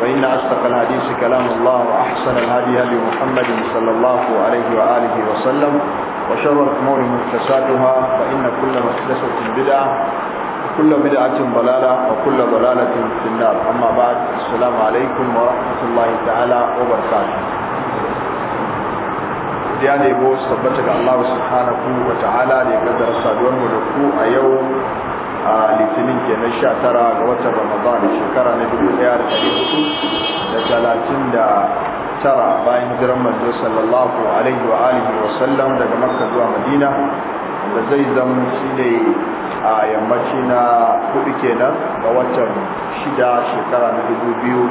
فإن أصدق الحديث كلام الله وأحسن الهدي هدي محمد صلى الله عليه وآله وسلم وشر الأمور محدثاتها فإن كل محدثة بدعة وكل بدعة ضلالة وكل ضلالة في النار أما بعد السلام عليكم ورحمة الله تعالى وبركاته يعني بوس ثبتك الله سبحانه وتعالى لقدر صادوان ولكو أيوم a litinin ke na sha tara ga watan ramadan shekara na dubu daya da dari hudu da talatin da tara bayan hijiran manzo sallallahu alaihi wa alihi wa sallam daga makka zuwa madina da zai zama shi ne a yammaci na hudu kenan ga watan shida shekara na dubu biyu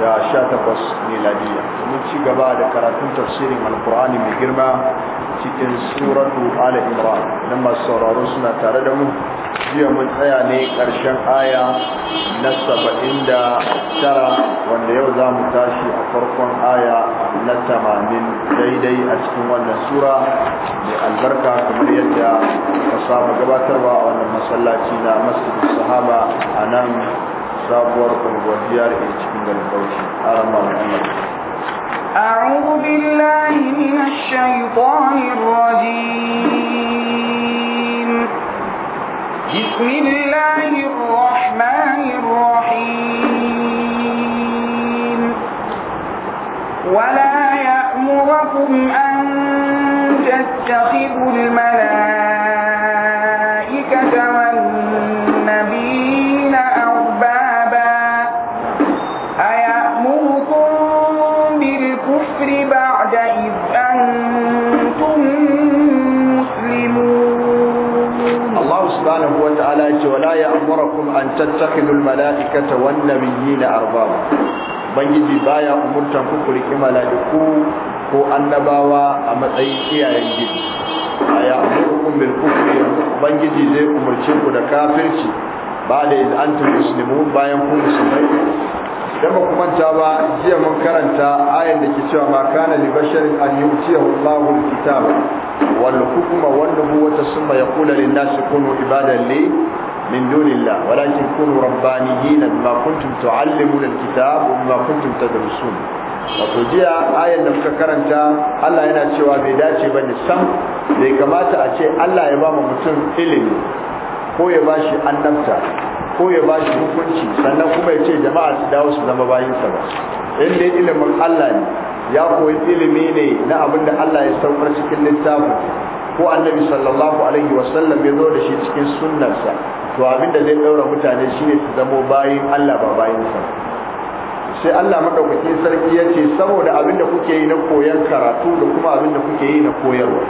da sha takwas miladiya mun ci gaba da karatun tafsirin alkur'ani mai girma cikin suratu ala imra na masu sauraro suna tare da mu jiya mun tsaya ne ƙarshen aya na saba'in da tara wanda yau za mu tashi a farkon aya na tamanin daidai a cikin wannan sura mai albarka kamar yadda ka saba gabatarwa a wannan masallaci na masu sahaba a nan sabuwar kwangwajiyar a cikin garin bauchi amurakum an tattakilu almalaikata wan nabiyina arbaba Bangiji baya umurtan ku kurki malaiku ko annabawa a matsayin iyayen gidi aya amurakum bil kufri Bangiji zai umurce ku da kafirci ba da iz antum muslimun bayan ku musulmai idan ba ku manta ba jiya mun karanta ayan da ke cewa ma kana li basharin an yu'tiyahu Allahu al-kitaba wal hukma wan nubuwata summa yaqulu lin nasi kunu ibadan li من دون الله ولكن كونوا ربانيين بما كنتم تعلمون الكتاب وما كنتم تدرسون wato jiya ayan da muka karanta Allah yana cewa bai dace ba ne sam bai kamata a ce Allah ya ba mutum ilimi ko ya ba shi annabta ko ya ba shi hukunci sannan kuma ya ce jama'a su dawo su zama bayinsa ba in ilimin Allah ne ya koyi ilimi ne na abin da Allah ya saukar cikin littafin ko annabi sallallahu alaihi wasallam ya zo da shi cikin sunnarsa to abin da zai daura mutane shine su zamo bayin Allah ba bayin sa sai Allah madaukakin sarki ya ce saboda abin da kuke yi na koyon karatu da kuma abin da kuke yi na koyarwa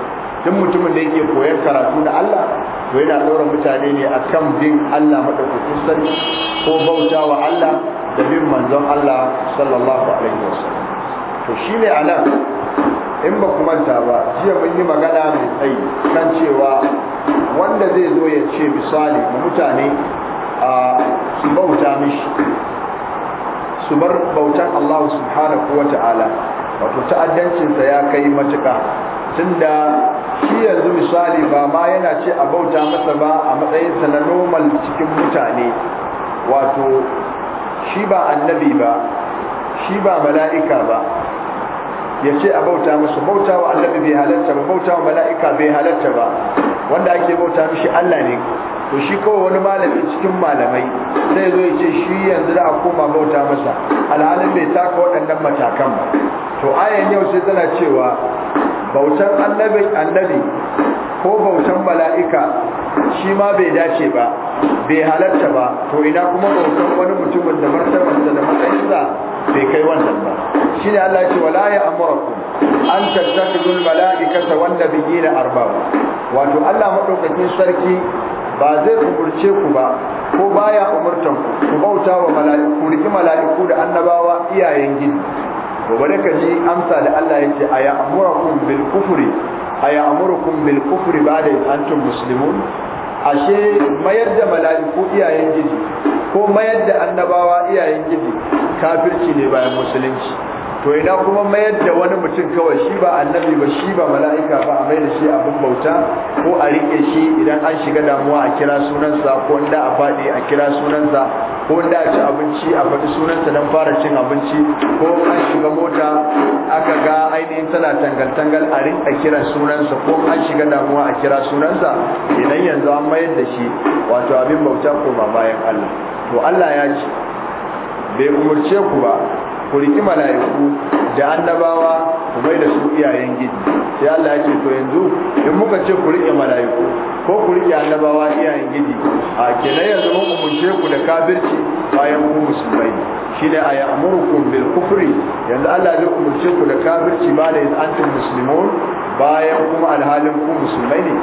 duk mutumin da yake koyon karatu na Allah to yana daura mutane ne akan bin Allah madaukakin sarki ko bauta wa Allah da bin manzon Allah sallallahu alaihi wasallam to shine anan in ba ku manta ba jiya mun yi magana mai tsayi kan cewa wanda zai zo ya ce misali mutane a su bauta mishi su bar bautan Allah subhanahu wa ta'ala wato ta'addancinsa ya kai matuka tunda shi yanzu misali ba ma yana ce a bauta masa ba a matsayinsa na normal cikin mutane wato shi ba annabi ba shi ba mala'ika ba ya ce a bauta musu bauta wa annabi bai halarta ba bauta wa mala'ika bai halarta ba wanda ake bauta mishi Allah ne to shi kawai wani malami cikin malamai zai zo ya ce shi yanzu da a koma bauta masa alhalin bai taka waɗannan matakan ba to ayan yau sai tana cewa bautan annabi annabi ko bautan mala'ika shi ma bai dace ba bai halarta ba to ina kuma bautan wani mutumin da martabarsa da matsayinsa bai kai wannan ba shine Allah ya ce wala ya amurakum an tattakhidul malaikata wan na arbab wato Allah madaukakin sarki ba zai umurce ku ba ko baya umurtan ku ku bauta wa mala'iku riki mala'iku da annabawa iyayen gidi to bare ka ji amsa da Allah ya yake aya amurakum bil kufri aya amurukum bil kufri ba'da antum musulmun? ashe mayar da mala'iku iyayen gidi ko mayar da annabawa iyayen gidi kafirci ne bayan musulunci to ina kuma mayar da wani mutum kawai shi ba annabi ba shi ba mala'ika ba a mai da shi abin bauta ko a rike shi idan an shiga damuwa a kira sunansa ko inda a faɗi a kira sunansa ko inda a ci abinci a faɗi sunansa don fara cin abinci ko an shiga mota aka ga ainihin tana tangal-tangal a rinka kiran sunansa ko an shiga damuwa a kira sunansa idan yanzu an mayar da shi wato abin bauta ko ba bayan Allah to Allah ya ce bai umarce ku ba ku riki mala'iku da annabawa ku mai da su iyayen gidi sai Allah ya ce to yanzu in muka ce ku riki mala'iku ko ku riki annabawa iyayen gidi a kenan yanzu mun umunce ku da kafirci bayan ku musulmai shine a ya'murukum bil kufri yanzu Allah zai umunce ku da kafirci ba da antum muslimun bayan kuma alhalin ku musulmai ne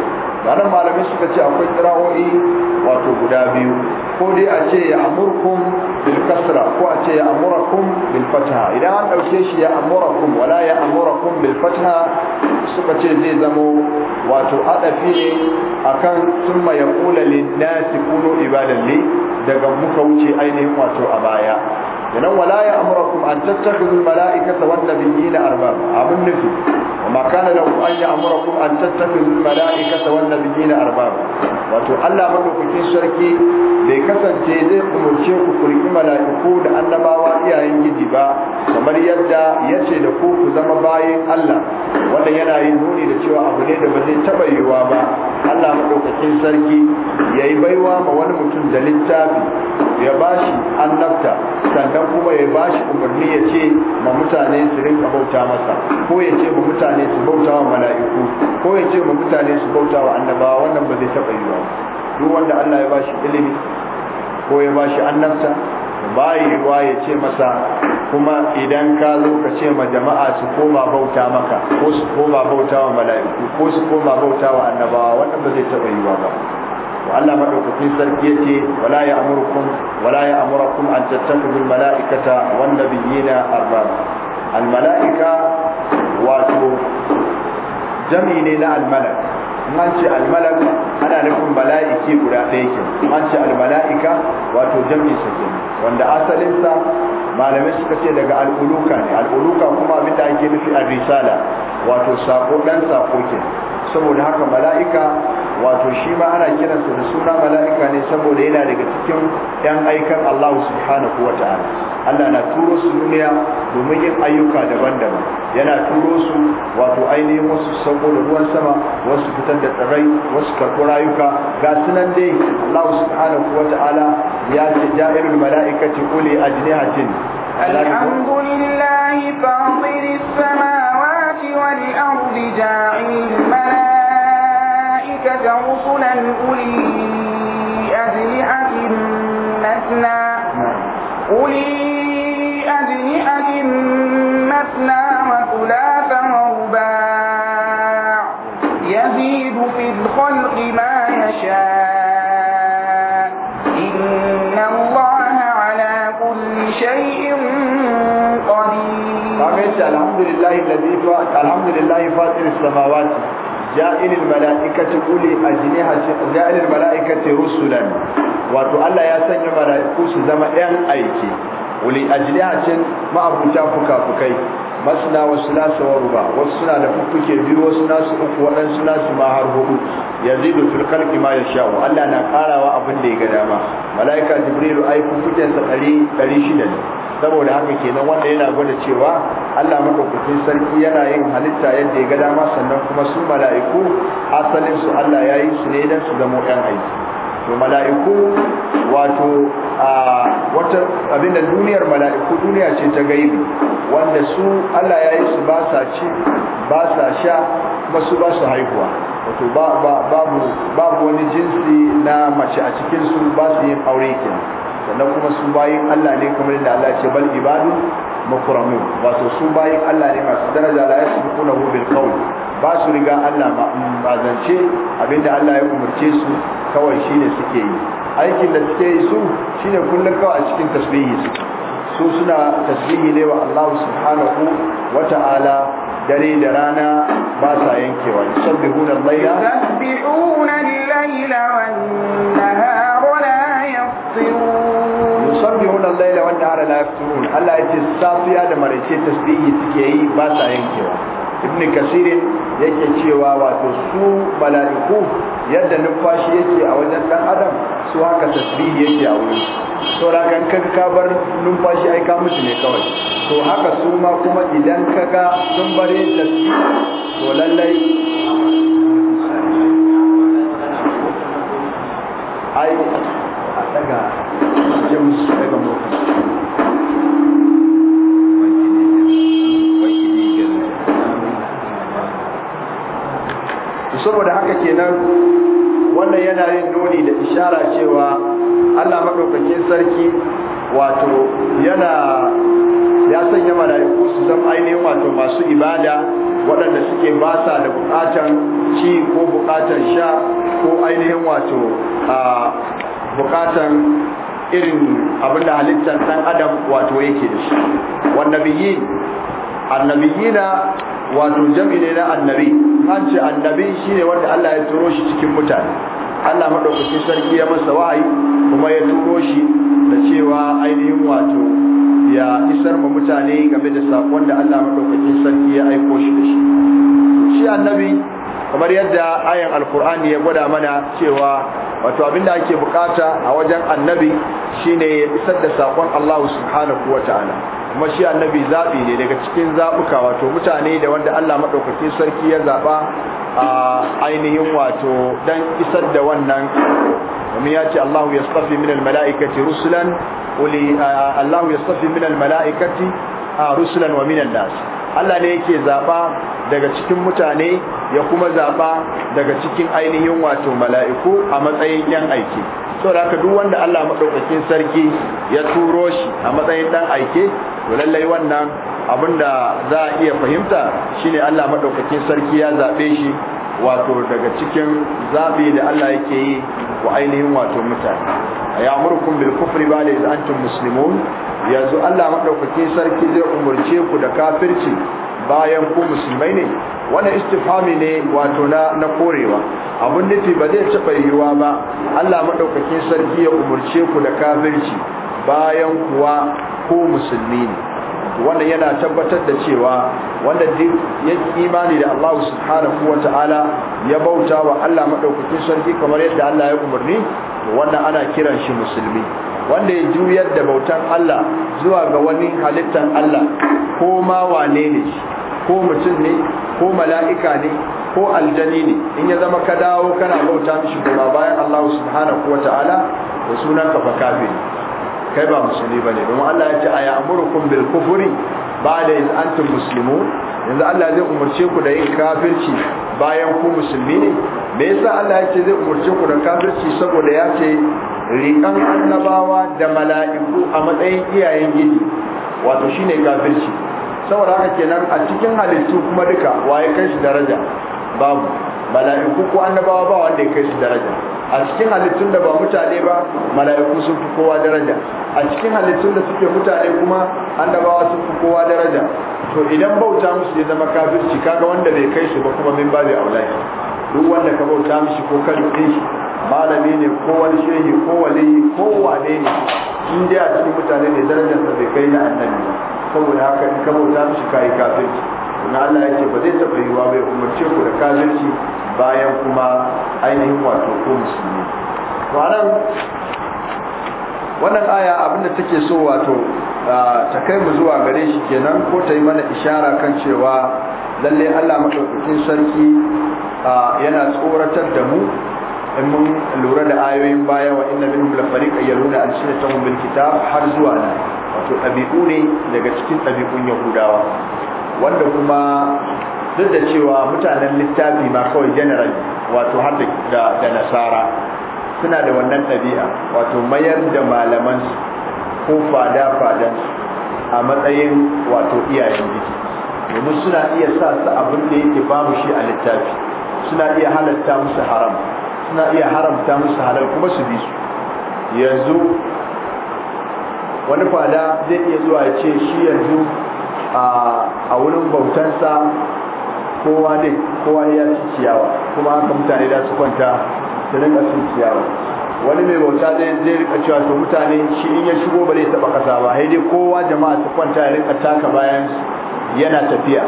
da malamai suka ce akwai kira'o'i wato guda biyu ko dai a ce ya amurkun bil ko a ce ya amurakum bil idan an ɗauke shi ya amurakum wala ya amurakum bil suka ce zai zamo wato adafi ne akan sun yaqulu lin nasi kunu ibadan ibadalli daga muka wuce ainihin wato a baya sannan wala ya amurakum an tattakhidul mala'ikata wanda nabiyina arbaba abun nufi amma kana da an ya amurakum an tattakhidul mala'ikata wanda nabiyina arbaba wato Allah madaukakin sarki bai kasance zai umurce ku kurki mala'iku da annabawa iyayen gidi ba kamar yadda ya ce da ku ku zama bayan Allah wanda yana yin nuni da cewa abu ne da ba zai taɓa yiwuwa ba Allah madaukakin sarki ya yi baiwa ma wani mutum da littafi ya bashi annabta san sannan kuma ya ba shi umarni ya ce ma mutane su rinka bauta masa ko ya ce ma mutane su bauta wa mala'iku ko ya ce ma mutane su bauta wa annabawa wannan ba zai taɓa ba. duk wanda Allah ya ba shi ilimi ko ya ba shi annabta bayi yiwuwa ya ce masa kuma idan ka zo ka ce ma jama'a su koma bauta maka ko su koma bauta wa mala'iku ko su koma bauta wa annabawa wannan ba zai taɓa yi ba wa Allah madaukakin sarki yace wala ya'murukum wala ya'murukum an tattakhudhu al-mala'ikata wan nabiyina arbab al-mala'ika wato jami ne na al-malak man ce al-malak ana nufin mala'iki guda ɗaya ke man ce al-mala'ika wato jami sa ke wanda asalin sa malamai suka ce daga al'uluka ne al'uluka kuma abin da ake nufi a risala wato sako ɗan sako ke saboda haka mala'ika wato shi ma ana kiransa da suna mala'ika ne saboda yana daga cikin yan aikan Allah subhanahu wa ta'ala Allah na turo su duniya domin yin ayyuka daban-daban yana turo su wato ainihin wasu saboda ruwan sama wasu fitar da tsirrai wasu karɓi rayuka ga sunan dai Allah subhanahu wa ta'ala ya ce ja'irin a mala'ikati uli ajnihatin الحمد لله فاطر السماوات والأرض جاعل أرسلت رسلا أولي أجنحة مثنى أولي أجنحة مثنى وثلاث ورباع يزيد في الخلق ما يشاء إن الله على كل شيء قدير الحمد لله الذي الحمد لله فاطر السماوات ja'il al-mala'ikati quli ajnihati ja'il malaikati rusulan wato Allah ya sanya mala'iku su zama ɗan aiki quli ajnihatin ma'abuta fukafukai masna wa sulasa wa ruba wasu suna da fuffuke biyu wasu su uku waɗansu su ma har hudu yazidu fil khalqi ma yasha'u Allah na karawa abin da ya ga dama mala'ika jibrilu ai fuffuken sa 100 600 ne saboda haka kenan wanda yana gwada cewa Allah madaukakin sarki yana yin halitta yadda ya ga dama sannan kuma su mala'iku asalin su Allah ya yi su ne dan su zama yan aiki to mala'iku wato a wata abinda duniyar mala'iku duniya ce ta gaibi wanda su Allah ya yi su ba sa ci ba sa sha kuma su ba su haihuwa wato babu babu wani jinsi na mace a cikin su ba su yin aure kenan sannan kuma sun bayin Allah ne kamar da Allah ce bal ibadu mukramun wato sun bayin Allah ne masu daraja la yasbiqunahu bil qawl ba su riga Allah mm, ba zance abinda Allah ya umarce su kawai shine suke yi aikin da suke yi su shine kullun kawai a cikin tasbihi su suna tasbihi ne wa Allah subhanahu wa ta'ala dare da rana ba sa yankewa yusabbihuna al-layla layla wan yusabbihuna al-laila an nahara la yafturun Allah yace safiya da maraice tasbihi suke yi ba sa yankewa ibn kasir yake cewa wato su malaiku yadda numfashi yake a wajen dan adam su haka tasbihi yake a wurin to rakan kan ka bar numfashi ai ka mutu ne kawai to haka su ma kuma idan kaga sun bare tasbihi to lallai ai a daga je saboda haka kenan wannan yana yin nuni da ishara cewa Allah maɗaukakin sarki wato yana ya sanya mala'iku su zama ainihin wato masu ibada waɗanda suke ba sa da buƙatan ci ko buƙatar sha ko ainihin wato a buƙatan irin da halittar ɗan adam wato yake da shi annabiyi na wato jami ne na annabi an ce annabi shi ne wanda Allah ya turo shi cikin mutane Allah madaukakin sarki ya masa wa'ayi kuma ya turo shi da cewa ainihin wato ya isar ma mutane game da sakon da Allah madaukakin sarki ya aiko shi da shi shi annabi kamar yadda ayan alkur'ani ya gwada mana cewa wato Abin da ake bukata a wajen annabi shine ya isar da sakon Allah subhanahu wataala kuma shi annabi zabi ne daga cikin zabuka wato mutane da wanda Allah madaukakin sarki ya zaba a ainihin wato dan isar da wannan kuma ya ce Allah ya safi min mala'ikati rusulan uli Allah ya safi min mala'ikati rusulan wa min nas Allah ne yake zaba daga cikin mutane ya kuma zaba daga cikin ainihin wato mala'iku a matsayin yan aiki da haka duk wanda Allah maɗaukakin sarki ya turo shi a matsayin dan aike to lallai wannan abinda za a iya fahimta shine Allah maɗaukakin sarki ya zaɓe shi wato daga cikin zabi da Allah yake yi wa ainihin wato mutane ya amurkum bil kufri ba da antum muslimun yanzu Allah madaukake sarki zai umurce ku da kafirci bayan ku musulmai ne wannan istifhami ne wato na na korewa abun nufi ba zai taɓa yiwuwa ba Allah maɗaukakin sarki ya umurce ku da kafirci bayan kuwa ko musulmi ne wannan yana tabbatar da cewa wanda ya imani da Allah subhanahu wa ta'ala ya bauta wa Allah madaukakin sarki kamar yadda Allah ya umarni to wannan ana kiran shi musulmi wanda ya juyar da bautan Allah zuwa ga wani halittar Allah ko ma wane ne ko mutum ne ko mala'ika ne ko aljani ne in ya zama ka dawo kana bauta mishi kuma bayan Allah subhanahu wa ta'ala da sunan ka fa kafiri kai ba musulmi bane don Allah ya ce aya amurukum bil kufri ba'da iz antum muslimun yanzu Allah zai umurce ku da yin kafirci bayan ku musulmi ne me yasa Allah ya ce zai umurce ku da kafirci saboda ya ce riƙan annabawa da mala'iku a matsayin iyayen gidi wato shine kafirci saboda haka kenan a cikin halittu kuma duka waye kai shi daraja babu mala'iku ko annabawa ba wanda ya kai su daraja a cikin halittun da ba mutane ba mala'iku sun fi kowa daraja a cikin halittun da suke mutane kuma annabawa sun fi kowa daraja to idan bauta musu ya zama kafirci kaga wanda bai kai su ba kuma min ba babu aulai duk wanda ka bauta mishi ko ka rufe shi malami ne ko wani shehi ko waliyi ko wane ne in dai a cikin mutane ne darajar sa bai kai na annabi saboda haka in ka bauta mishi kai kafirci na Allah ya ce ba zai taɓa yiwuwa bai umarce ku da kafirci bayan kuma ainihin wato ko musulmi wannan wannan aya abinda take so wato ta kai mu zuwa gare shi kenan ko ta yi mana ishara kan cewa lalle Allah madaukakin sarki yana tsoratar da mu in mun lura da ayoyin baya wa inna minhum la fariqan yaluna alsinatahum bil kitab har zuwa nan wato ɗabi'u ne daga cikin ɗabi'un yahudawa wanda kuma duk da cewa mutanen littafi ma kawai general wato har da nasara suna da wannan ɗabi'a wato mayar da malaman ko fada fadan a matsayin wato iyayen jiki domin suna iya sa su abin da yake mu shi a littafi suna iya halatta musu haram suna iya haramta musu halal kuma su bi su yanzu wani fada zai iya zuwa ya ce shi yanzu a wurin bautansa kowa ne kowa ya ci ciyawa kuma haka mutane da su kwanta su rinka cin ciyawa wani mai bauta zai zai rika cewa to mutane shi in ya shigo ba zai taba kasa ba sai dai kowa jama'a su kwanta ya rika taka bayan yana tafiya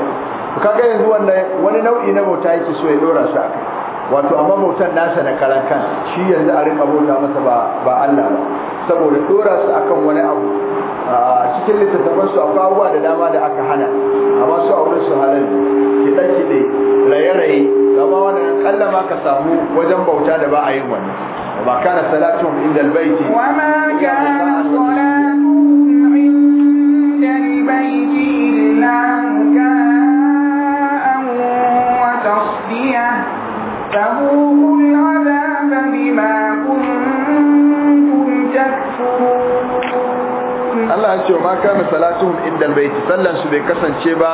kaga yanzu wannan wani nau'i na bauta yake so ya dora su akai wato amma bautan nasa na karan kan shi yanzu a rika bauta masa ba Allah ba saboda dora su akan wani abu cikin littattafan su akwai abubuwa da dama da aka hana amma su a wurin su halal kiɗe kiɗe raye raye amma wannan kalla ma ka samu wajen bauta da ba a yin wani ba kana salatun inda albayti wa ma kana Allah ya ce ma kana salatuhum inda bait sallan su bai kasance ba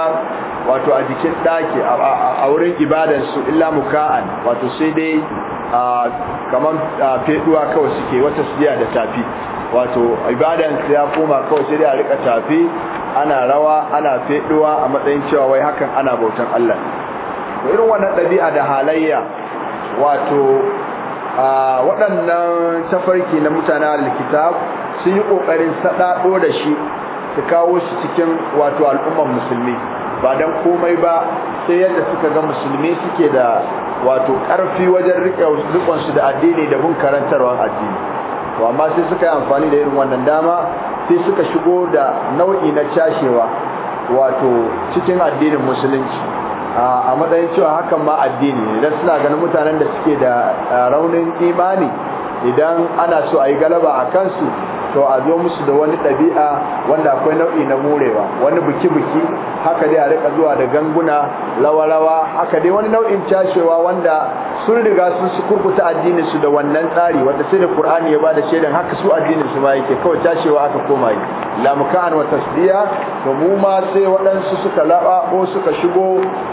wato a jikin daki a wurin ibadansu illa muka'an wato sai dai kamar feduwa kawai suke wata sujiya da tafi wato ibadansu ya koma kawai sai dai a rika tafi ana rawa ana feduwa a matsayin cewa wai hakan ana bautan Allah irin wannan ɗabi'a da halayya wato waɗannan tafarki na mutanen alkitab sun yi ƙoƙarin saɗaɗo da shi su kawo shi cikin wato al'umman musulmi ba don komai ba sai yadda suka ga musulmi suke da wato ƙarfi wajen rikonsu da addini da bin karantarwar addini to amma sai suka yi amfani da irin wannan dama sai suka shigo da nau'i na cashewa wato cikin addinin musulunci a matsayin cewa hakan ma addini idan suna ganin mutanen da suke da raunin imani idan ana so a yi galaba a kansu to a zo musu da wani ɗabi'a wanda akwai nau'i na murewa wani biki-biki haka dai a rika zuwa da ganguna rawa haka dai wani nau'in cashewa wanda sun riga sun su kurkuta addinin su da wannan tsari wanda sai da Qur'ani ya da shaidan haka su addinin su ma yake kawai cashewa aka koma yi la mukan wa tasdiya to mu ma sai waɗansu suka laba ko suka shigo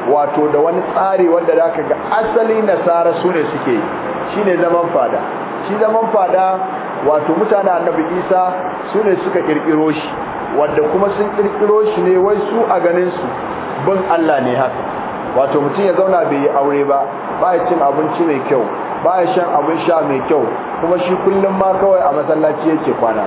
wato da wani tsari wanda zaka ga asali nasara su ne suke yi shine zaman fada shi zaman fada wato mutane annabi isa su ne suka kirkiro shi wanda kuma sun kirkiro shi ne wai su a ganin su bin allah ne haka wato mutum ya zauna bai yi aure ba ba ya cin abinci mai kyau ba ya shan abin sha mai kyau kuma shi kullum ma kawai a masallaci yake kwana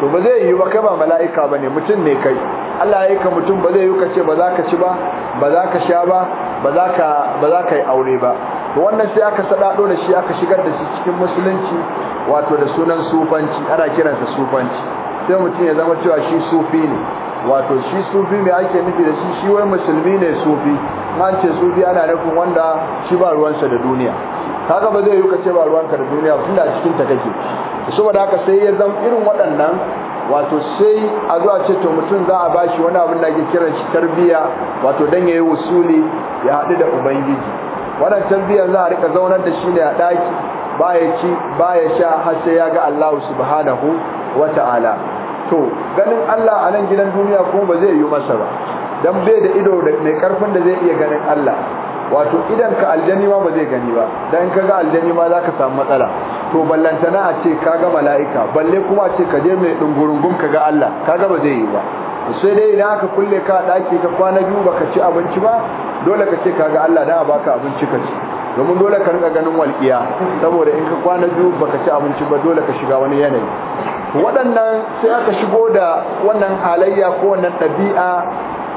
to ba zai yi ba kai ba mala'ika ba ne mutum ne kai allah ya yi ka mutum ba zai yi ka ce ba za ka ci ba ba za ka sha ba ba za ka yi aure ba to wannan sai aka sadado da shi aka shigar da shi cikin musulunci wato da sunan sufanci ana kiransa sufanci sai mutum ya zama cewa shi sufi ne wato shi sufi mai ake nufi da shi shi wai musulmi ne sufi an ce sufi ana nufin wanda shi ba ruwansa da duniya kaga ba zai yi ce ba ruwanka da duniya tunda a cikin ta kake saboda haka sai ya zama irin waɗannan wato sai a zuwa ce to mutum za a bashi wani abin da ake kiran shi tarbiya wato dan ya yi wusuli ya haɗu da ubangiji wadancan biyan za a rika zaunar da shi ne a daki ya ci ya sha har sai ya ga Allah subhanahu ta'ala. to ganin Allah a nan gidan duniya kuma ba zai yi masa ba dan bai da ido mai karfin da zai iya ganin Allah wato idan ka aljani ma ba zai gani ba dan ka ga aljani ma zaka samu matsala to ballantana a ce ka ga mala'ika balle kuma a ce ka je mai dungurungun ka ga Allah kaga ba zai yi ba sai dai idan aka kulle ka daki ka kwana biyu baka ci abinci ba dole ka ce kaga Allah da baka abinci ka ci domin dole ka rinka ganin walƙiya saboda in ka kwana biyu baka ci abinci ba dole ka shiga wani yanayi waɗannan sai aka shigo da wannan halayya ko wannan ɗabi'a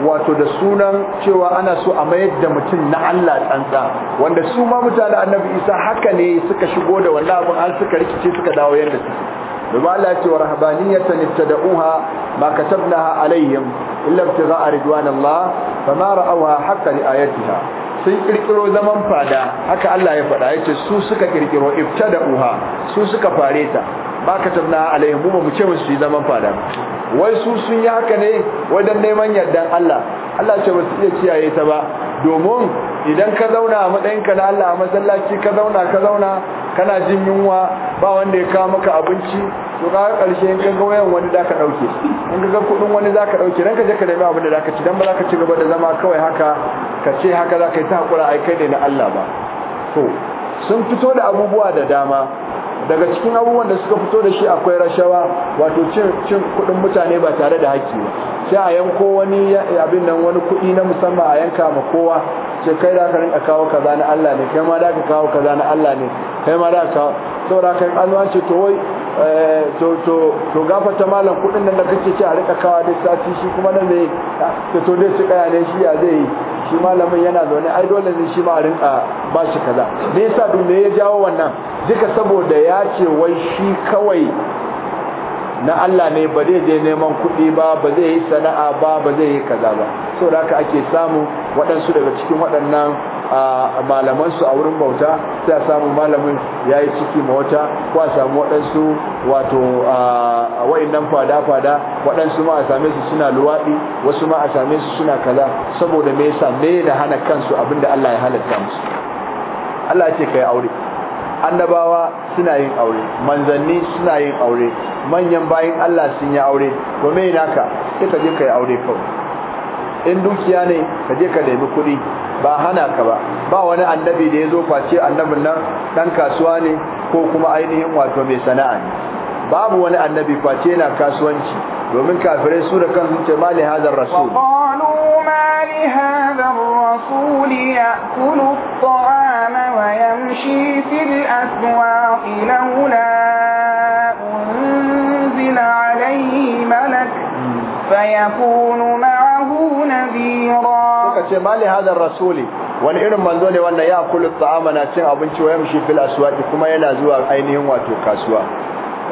wato da sunan cewa ana so a mayar da mutum na Allah tsantsa wanda su ma mutane annabi isa haka ne suka shigo da wannan abin an suka rikice suka dawo yadda suke domin Allah ce wa rahabaniyatan ibtada'uha ma katabnaha alaihim illa ibtigha'a ridwanillah fama ra'awha haqqa ri'ayatiha sun kirkiro zaman fada haka Allah ya faɗa yace su suka kirkiro ibtada'uha su suka fare ta ma katabnaha alaihim mu mu ce musu su zaman fada wai su sun yi haka ne wajen neman yardan Allah Allah ce ba su iya kiyaye ta ba domin idan ka zauna a matsayinka na Allah a masallaci ka zauna ka zauna kana jin yunwa ba wanda ya kawo maka abinci to ga karshe in kaga wayan wani zaka dauke in kaga kudin wani zaka dauke ranka ka je ka nemi abin da zaka ci dan ba zaka ci gaba da zama kawai haka ka ce haka zaka yi ta hakura ai kai ne na Allah ba to sun fito da abubuwa da dama daga cikin abubuwan da suka fito da shi akwai rashawa wato cin cin kudin mutane ba tare da haƙƙi ba sai a yanko wani abin nan wani kudi na musamman a yanka ma kowa ce kai da ka rinka kawo kaza na Allah ne kai ma da ka kawo kaza na Allah ne kai ma da ka kawo saboda kai an ce to wai eh, to to to gafarta malam kudin nan da kake ci a rinka kawo da sati shi kuma nan ne to to dai su kaya ne shi ya zai shi malamin yana zaune ai dole ne shi ma a rinka ba shi kaza me yasa dun me ya jawo wannan duka saboda ya ce wai shi kawai na Allah ne ba zai je neman kuɗi ba ba zai yi sana'a ba ba zai yi kaza ba Sau da haka ake samu waɗansu daga cikin waɗannan malaman a wurin bauta sai a samu malamin ya yi ciki ma wata ko a samu waɗansu wato a wa'innan fada-fada waɗansu ma a same su suna luwaɗi wasu ma a same su suna kaza saboda me yasa me da hana kansu abinda Allah ya halatta musu Allah ya ce kai aure annabawa suna yin aure manzanni suna yin aure manyan bayin Allah sun yi aure ko me naka sai ka je ka aure kawai in dukiya ne ka je ka nemi kuɗi ba hana ka ba ba wani annabi da ya zo face annabin nan dan kasuwa ne ko kuma ainihin wato mai sana'a ne babu wani annabi face yana kasuwanci domin kafirai su da kansu ce mali hadar rasul qalu هذا الرسول يأكل الطعام ويمشي في الأسواق لولا أنزل عليه ملك فيكون معه نذيرا ما لهذا الرسول wani irin manzo ne wanda ya kulu ta'ama na cin abinci wa yamshi fil kuma yana zuwa ainihin wato kasuwa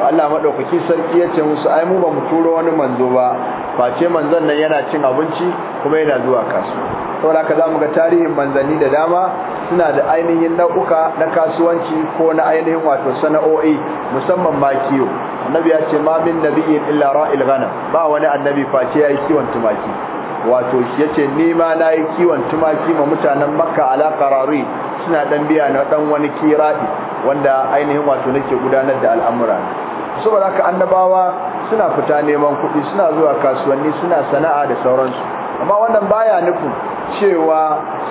Allah madaukaki sarki yace musu ai mu ba mu turo wani manzo ba face manzon nan yana cin abinci kuma yana zuwa kasuwa saboda haka zamu ga tarihin manzanni da dama suna da ainihin nau'uka na kasuwanci ko na ainihin wato sana'o'i musamman ma kiwo annabi ya ce ma min nabiyyin illa ra'il ghanam ba wani annabi face yayi kiwon tumaki wato shi yace ni ma nayi kiwon tumaki ma mutanen makka ala qarari suna dan biya na dan wani kiradi wanda ainihin wato nake gudanar da al'amura saboda haka annabawa suna fita neman kuɗi suna zuwa kasuwanni suna sana'a da sauransu amma wannan baya nufin cewa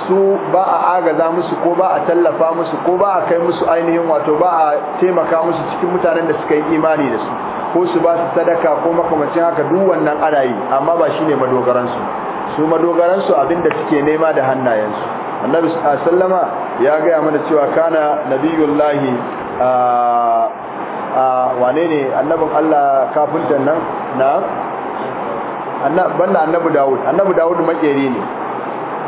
su ba a agaza musu ko ba a tallafa musu ko ba a kai musu ainihin wato ba a taimaka musu cikin mutanen da suka yi imani da su ko su ba su sadaka ko makamacin haka duk wannan ana yi amma ba shine madogaransu su madogaran su abinda suke nema da hannayensu annabi sallama ya gaya mana cewa kana nabiyullahi wane ne annabin Allah kafintan nan na banda annabi Dawud annabi Dawud makeri ne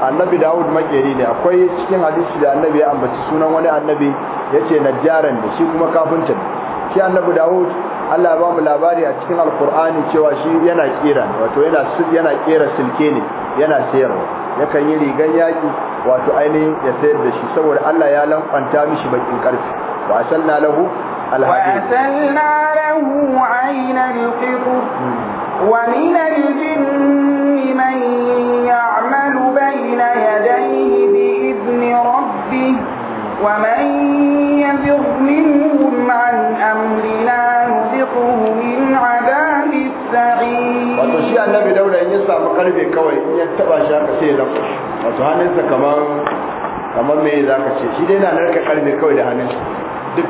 annabi Dawud makeri ne akwai cikin hadisi da annabi ya ambaci sunan wani annabi yace najjaran da shi kuma kafinta ne shi annabi Dawud Allah ya ba mu labari a cikin alkur'ani cewa shi yana kira wato yana yana kera silke ne yana sayarwa yakan yi rigan yaki wato ainihin ya sayar da shi saboda Allah ya lankwanta mishi bakin karfi wa asalna lahu وأسلنا له عين القطر ومن الجن من يعمل بين يديه بإذن ربه ومن annabi daura in ya samu karfe kawai in ya taba shi haka sai ya lafa wato hannunsa kamar kamar me za ka ce shi dai na narka karfe kawai da hannun duk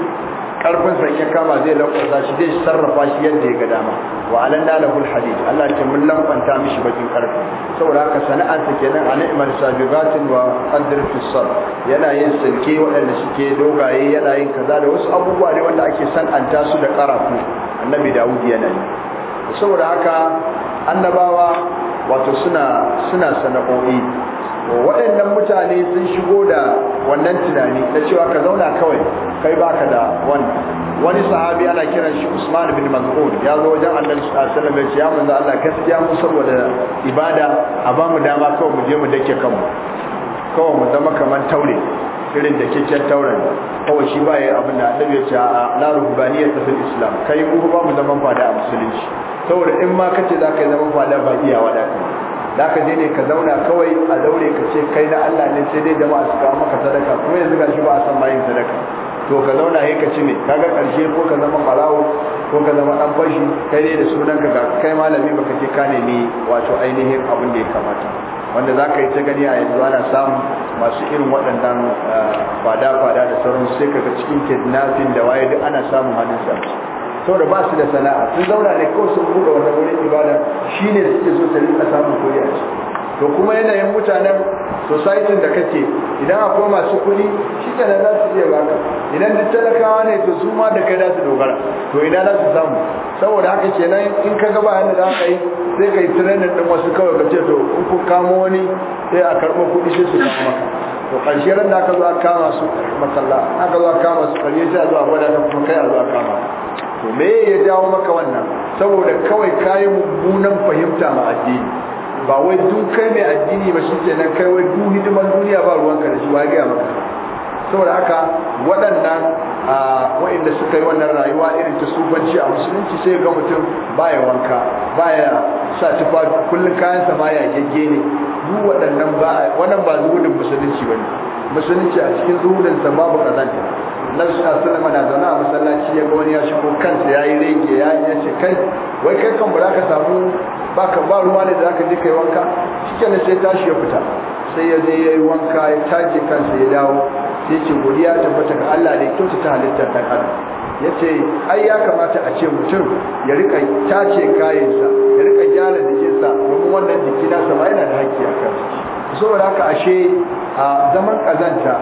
karfin sa kama zai lafasa shi zai sarrafa shi yadda ya ga dama wa da lahul hadid Allah ce mun lamfanta mishi bakin karfi saboda haka sana'ar sa kenan a ni'mar sabibatin wa qadr fi sar yana yin silke waɗanda suke dogaye yana yin kaza da wasu abubuwa ne wanda ake san'anta su da karafu annabi Dawudi yana yi saboda haka annabawa wato suna suna sana'o'i waɗannan mutane sun shigo da wannan tunani na cewa ka zauna kawai kai baka da wani. wani sahabi ana kiran shi Usman bin Mas'ud ya zo wajen Annabi sallallahu alaihi wasallam ya ce manzo Allah gaskiya mu saboda ibada a ba dama kawai mu je mu dake kanmu kawai mu zama kamar taure irin da kyakkyan tauran kawai shi baya abin da annabi ya ce a la rubaniyya ta fil islam kai mu ba mu zaman fada a musulunci saboda in ma kace za ka yi zaman fada ba iya wada ka za ka je ne ka zauna kawai a daure ka ce kai na Allah ne sai dai jama'a su kawo maka sadaka ko yanzu gashi ba a san mayin sadaka to ka zauna he ka ci ne ga karshe ko ka zama barawo ko ka zama dan fashi kai ne da sunan ka kai malami baka ce ka ne ni wato ainihin abin da ya kamata wanda za ka yi ta gani a yanzu ana samun masu irin waɗannan ah, fada-fada da sauran sai kaga cikin kidnapping da waye duk ana samun hannun sa saboda ba su da sana'a sun zauna ne kawai sun buɗe wannan wurin ibada shine suke so ta rinka samun kuɗi a ciki to kuma yanayin mutanen society da kake idan akwai masu kuɗi shi ke za su iya baka idan duk talakawa ne to su ma da kai za su dogara to idan za su samu saboda haka kenan in ka gaba yadda za ka yi sai kai tunanin ɗan wasu kawai ka ce to in ku kamo wani sai a karɓo kuɗi sai su kama to ƙarshe ran da aka zo a kama su masalla, aka zo a kama su ƙarshe sai a zo a gwada ka kuma kai a zo a kama to me ya dawo maka wannan saboda kawai kayi mummunan fahimta ma addini ba wai duk kai mai addini ba shi kenan kai wai duk hidiman duniya ba ruwanka da shi ba ya gaya maka saboda haka waɗannan waɗanda suka yi wannan rayuwa irin ta sufanci a musulunci sai ga mutum baya wanka baya sa tufa kullum kayansa ma gyagge ne duk waɗannan ba wannan ba zuhudin musulunci ne. musulunci a cikin zuhudin sa babu kazanta nabi sallallahu na zaune a masallaci ya ga wani ya shigo kansa ya yi rege ya yi ce kai wai kai kan ba za ka samu ka ba ruwa ne da zaka je kai wanka shikenan sai tashi ya fita sai ya je yi wanka ya taje kansa ya dawo sai ce godiya tabbata ga Allah ne kyautu ta halittar ta kada ya ce ai ya kamata a ce mutum ya rika tace kayansa ya rika gyara jikinsa domin wannan jiki na ba yana da haƙƙi a kan saboda haka ashe a zaman kazanta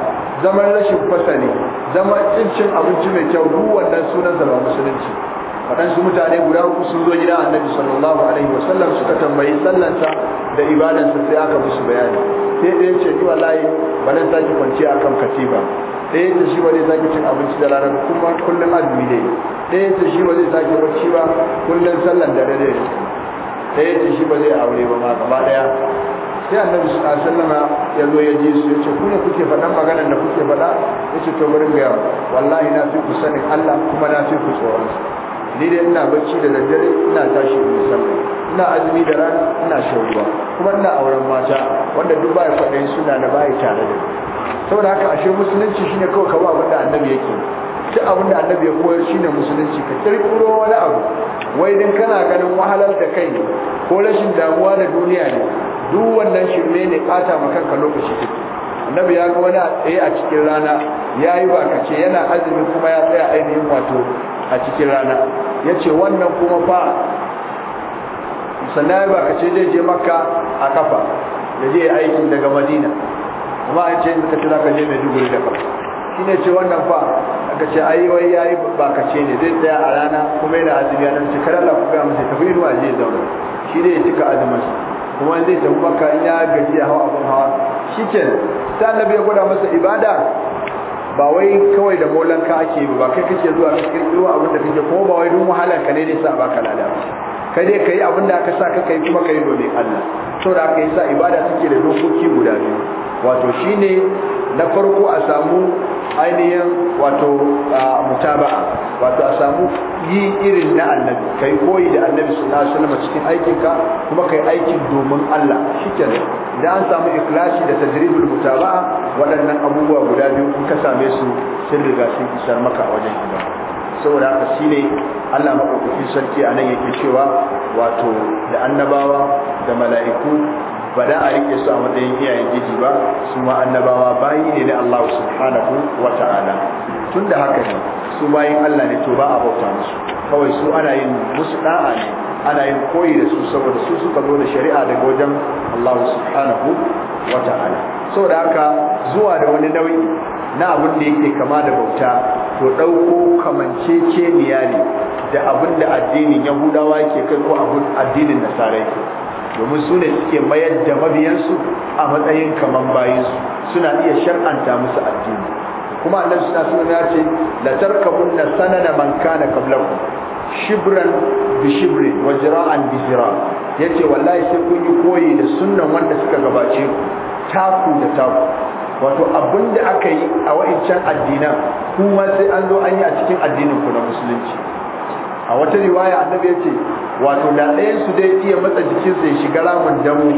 zaman rashin fasali zaman cin abinci mai kyau duk wannan sunan zama musulunci waɗansu mutane guda uku sun zo gida annabi sallallahu alaihi wasallam suka tambayi sallansa da ibadansa sai aka musu bayani sai ɗaya ce ni wallahi ba nan sake kwanciya akan katiba ɗaya ta shi ba zai sake cin abinci da ranar kuma kullum azumi ne ɗaya ta shi ba zai sake bacci ba kullum sallan da dare ne ɗaya ta shi ba zai aure ba ma gaba ɗaya sai annabi alaihi sallama ya zo ya ji su ya ce ku ne kuke faɗan maganar da kuke faɗa ya ce to bari ga wallahi na fi ku sanin allah kuma na fi ku tsoron ni dai ina bacci da daddare ina tashi da sallah ina azumi da rana ina shan kuma ina auren mata wanda duk baya kwaɗayin suna na bai tare da saboda haka ashe musulunci shine kawai kaba abin da annabi yake duk abin annabi ya koyar shine musulunci ka kirkiro wani abu wai din kana ganin wahalar da kai ne ko rashin damuwa da duniya ne duk wannan shirme ne kata ma kanka lokaci kake annabi ya ga wani a tsaye a cikin rana ya yi ba yana azumi kuma ya tsaya ainihin wato a cikin rana ya ce wannan kuma fa sannan ba ka ce zai je maka a kafa ya je aikin daga madina amma a ce ka tura za ka je mai dubu da kafa shi ne ce wannan fa aka ce ayi wai ya yi ce ne zai tsaya a rana kuma yana azumi a nan cikin rana ku ga masa tafi ruwa zai zauna shi ne ya cika azumin kuma zai tafi maka ya gaji hawa abin hawa shi ke sa annabi ya gwada masa ibada ba wai kawai da ka ake yi ba kai kake zuwa cikin kirkiro abin da kake kuma ba wai duk wahalar ka ne ne sa baka lada kai dai kai abin da aka sa ka kai kuma kai domin Allah to da kai sa ibada take da dokoki guda biyu wato shine na farko a samu ainihin wato mutaba, wato a samu yi irin na annabi kai koyi da annabi na su wasallam cikin aikinka kuma kai aikin domin Allah ne idan an samu Ikilashi da tajribul mutaba waɗannan abubuwa guda biyu in ka same su sun riga sun isar maka a wajen ibada saboda haka shine Allah madaukakin sarki a anan yake cewa wato da annabawa da mala'iku ba da a rike su a matsayin iyaye giji ba su ma annabawa bayi ne na Allah subhanahu wa ta'ala tun da haka ne su bayin Allah ne to ba a bauta musu kawai su ana yin musu da'a ne ana yin koyi da su saboda su suka zo da shari'a daga wajen Allah subhanahu wa ta'ala saboda haka zuwa da wani nauyi na abin da yake kama da bauta to ɗauko kamanceceniya ne da abin da addinin yahudawa ke kai ko abin addinin nasara yake domin su ne suke mayar da mabiyansu a matsayin kaman bayinsu suna iya shar'anta musu addini kuma annabi suna suna ya ce la tarkabunna sanana man kana qablakum shibran bi shibri wa jira'an bi jira yace wallahi sai kun yi koyi da sunnan wanda suka gabace ku taku da taku wato abinda aka yi a wa'incan addinan kuma sai an zo an yi a cikin addinin ku na musulunci a wata riwaya annabi yace wato da ɗayan su dai iya matsa jikin sa ya shiga ramin damu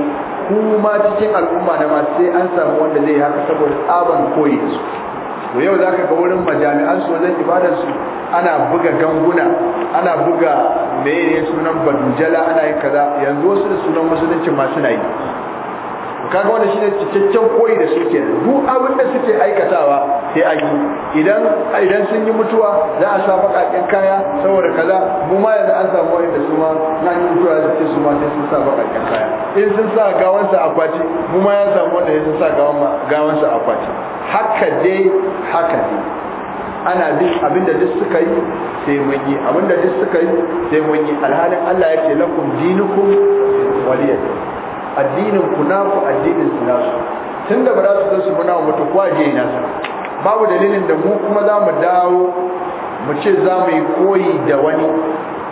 kuma cikin al'umma da ma sai an samu wanda zai haka saboda tsaban koyi su to yau zaka ga wurin majami'an su wajen ibadar su ana buga ganguna ana buga meye sunan badujala ana yin kaza yanzu wasu da sunan musulunci ma suna yi kaga wannan shine cikakken koyi da su nan, duk abin da suke aikatawa sai a yi idan idan sun yi mutuwa za a sa bakakken kaya saboda kaza mu ma yanzu an samu wanda su ma na yi mutuwa da suke su ma sai sun sa bakakken kaya in sun sa gawansa akwati mu ma ya samu wanda ya sun sa gawansa akwati haka dai haka dai ana bin abinda duk suka yi sai mun yi abinda duk suka yi sai mun yi alhalin Allah ya ce lakum dinukum waliyatan addinin ku naku addinin su nasu da ba za su zo su muna mutu kwaje na babu dalilin da mu kuma za mu dawo mu ce za mu yi koyi da wani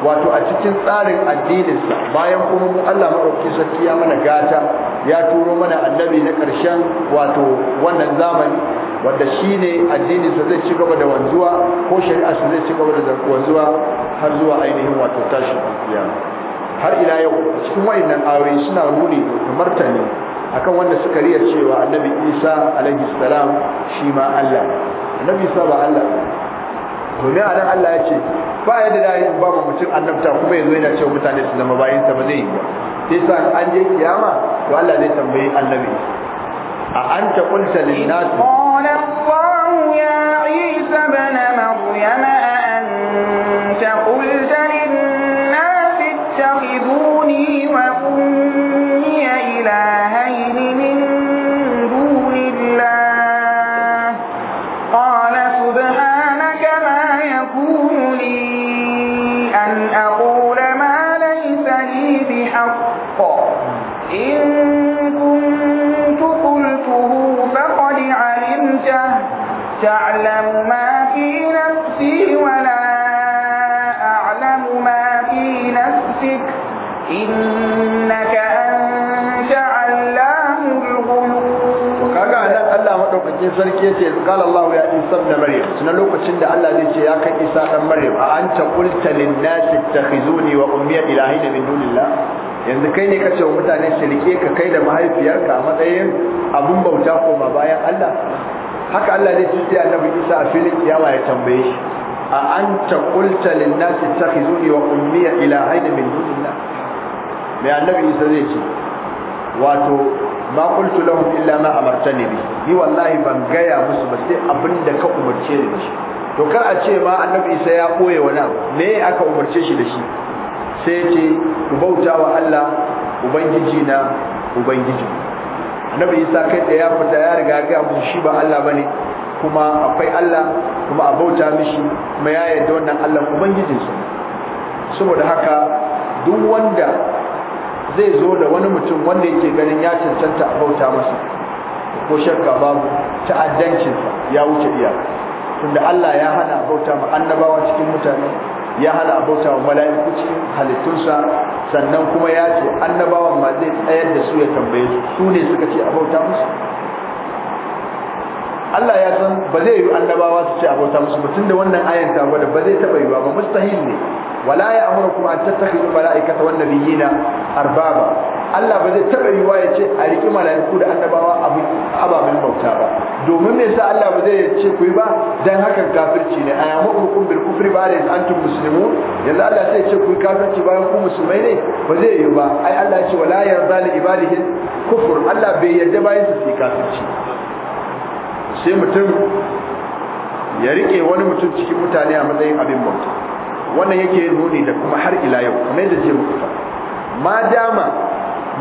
wato a cikin tsarin addininsa bayan kuma mu Allah maɗauki sarki ya mana gata ya turo mana annabi na ƙarshen wato wannan zamani wanda shine addinin addininsa zai ci gaba da wanzuwa ko shari'arsa zai ci gaba da wanzuwa har zuwa ainihin wato tashin kiyama har ila yau cikin wayannan ayoyi suna nuni da martani akan wanda suka riya cewa annabi Isa alaihi salam shi ma Allah annabi Isa ba Allah domin a nan Allah ya ce ba yadda da yin ba mutum annabta kuma yanzu yana cewa mutane su zama bayan bayansa ba zai yi ba sai sa an je kiyama to Allah zai tambayi annabi a an qulta lin nas qala Allah ya Isa ibn Maryam anta qulta madaukakin sarki yace qala ya Isa ibn Maryam lokacin da Allah zai ce ya kai Isa dan Maryam a anta qulta lin nas ittakhizuni wa min dunillah yanzu kai ne kace wa mutane shirke ka kai da mahaifiyarka a matsayin abun bauta ko ma bayan Allah haka Allah zai ce sai annabi Isa a filin kiyama ya tambaye shi a anta qulta lin nas ittakhizuni wa min dunillah me annabi Isa zai ce wato ma kultu lahum illa ma amartani bi ni wallahi ban gaya musu ba sai abinda ka umarce ni shi to kar a ce ma annabi isa ya koye wani nan me aka umarce shi da shi sai ce ku bauta wa Allah ubangiji na ubangiji annabi isa kai da ya fita ya riga ga mu shi ba Allah bane kuma akwai Allah kuma a bauta mishi kuma ya yarda wannan Allah ubangijinsa saboda haka duk wanda zai zo da wani mutum wanda yake ganin ya cancanta a bauta masa ko shakka babu ta'addancinsa ya wuce iyaka tunda Allah ya hana bauta ma annabawa cikin mutane ya hana bauta ma mala'iku cikin halittunsa sannan kuma ya ce annabawan ma zai tsayar da su ya tambaye su su ne suka ce a bauta musu Allah ya san ba zai yi annabawa su ce abota musu ba tunda wannan ayan ta gwada ba zai taba yi ba mustahil ne wala ya amuru kuma an tattakhidhu malaikata wan nabiyina arbaba Allah ba zai taba yi wa ya ce a riki malaiku da annabawa ababen bauta ba domin me yasa Allah ba zai ce ku yi ba dan haka kafirci ne mu yamurukum bil kufri ba da antum muslimun yanzu Allah sai ya ce ku kafirci bayan ku musulmai ne ba zai yi ba ai Allah ya ce wala yarda li ibadihi kufur Allah bai yarda bayan su kafirci sai mutum ya rike wani mutum cikin mutane a matsayin abin bauta wannan yake nuni da kuma har ila yau kuma yadda ce mutum ma dama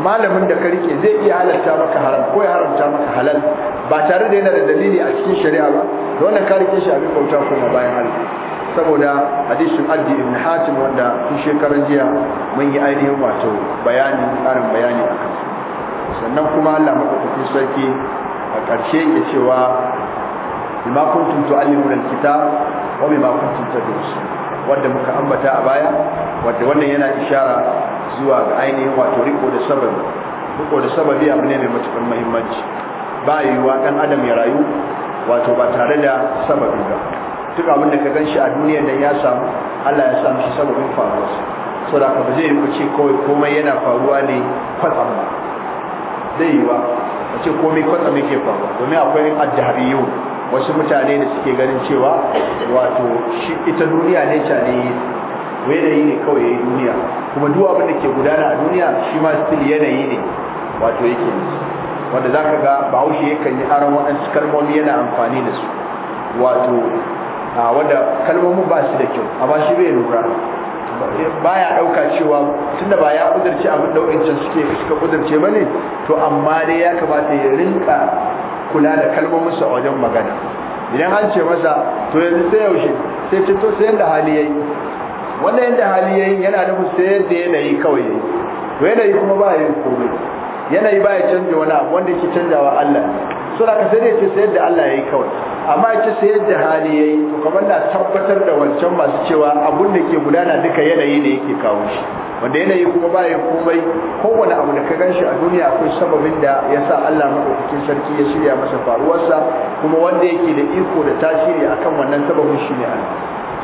malamin da ka rike zai iya halarta maka haram ko ya haramta maka halal ba tare da yana da dalili a cikin shari'a ba da wannan ka rike shi abin bauta kuma bayan halal saboda hadisin addi ibn hatim wanda tun shekaran jiya mun yi ainihin wato bayani karin bayani akan sannan kuma Allah madaukakin sarki a ƙarshe ya cewa bima kuntum tu'allimuna alkitab wa bima kuntum tadrusun wanda muka ambata a baya wanda wannan yana ishara zuwa ga ainihin wato riko da sababi riko da sababi abu ne mai matukar muhimmanci ba yiwuwa dan adam ya rayu wato ba tare da sababi ba duk abin da ka ganshi a duniyar nan ya samu Allah ya samu shi sabbin faruwarsa saboda ka ba zai yi ce kawai komai yana faruwa ne kwatsam ba zai yiwa a ce komai kwatsam yake faruwa domin akwai addahariyun wasu mutane da suke ganin cewa wato shi ita duniya ne ta yanayi ne kawai yayi duniya kuma duk abin da ke gudana a duniya shi ma still yanayi ne wato yake wanda zaka ga bahaushe yakan yi aron waɗansu kalmomi yana amfani da su wato wanda kalmomin ba su da kyau amma shi bai lura baya ɗauka cewa tunda ba ya kudurce abin daukin suke suka kudurce bane to amma dai ya kamata ya rinka kula da kalmominsa a wajen magana idan an ce masa to yanzu sai yaushe sai ce to sai yadda hali yayi wannan yadda hali yayi yana nufin sai yadda yanayi kawai yayi to yanayi kuma ba yin komai yanayi ba ya canza wani abu wanda yake canjawa Allah so da ka sai da ce sai yadda Allah yayi kawai amma ya sai yadda hali yayi to kamar na tabbatar da wancan masu cewa abun da ke gudana duka yanayi ne yake kawo shi wanda yanayi kuma ba ya komai kowane abu da ka ganshi a duniya akwai sababin da ya sa Allah maɗaukakin sarki ya shirya masa faruwarsa kuma wanda yake da iko da tasiri akan wannan sababin shi ne Allah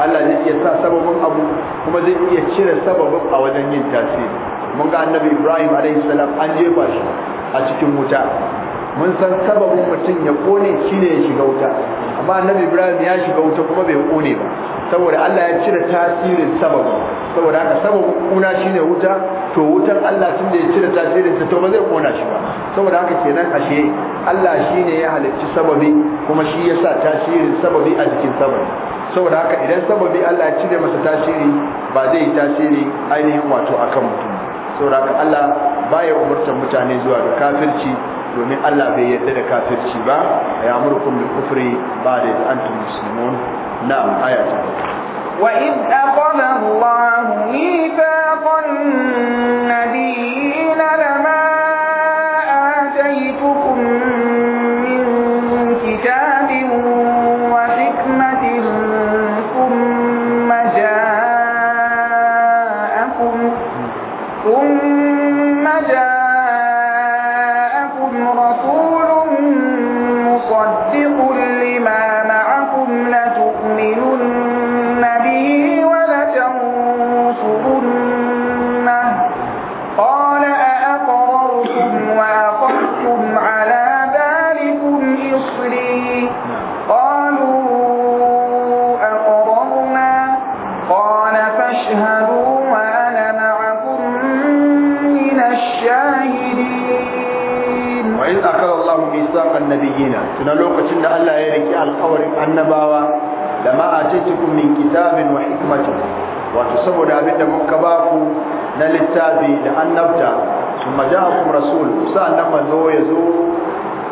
Allah zai iya sa sababin abu kuma zai iya cire sababin a wajen yin tasiri mun ga annabi Ibrahim alaihi salam an jefa shi a cikin wuta mun san sababin mutum ya kone ne ya shiga wuta amma annabi ibrahim ya shiga wuta kuma bai kone ba saboda Allah ya cire tasirin sababu saboda haka sababin kuna ne wuta to wutar Allah tun da ya cire tasirin ta to ba zai kona shi ba saboda haka kenan ashe Allah shi ne ya halicci sababi kuma shi ya sa tasirin sababi a jikin sababi saboda haka idan sababi Allah ya cire masa tasiri ba zai yi tasiri ainihin wato akan mutum saboda haka Allah baya umurtar mutane zuwa ga kafirci domin Allah bai yarda da kafirci ba ya amurkum bil kufri ba da antum muslimun na'am ayatu wa id aqama Allahu mithaqan saboda abin da muka ba ku na littafi da annabta sun maja'akum rasul sa'annan manzo ya zo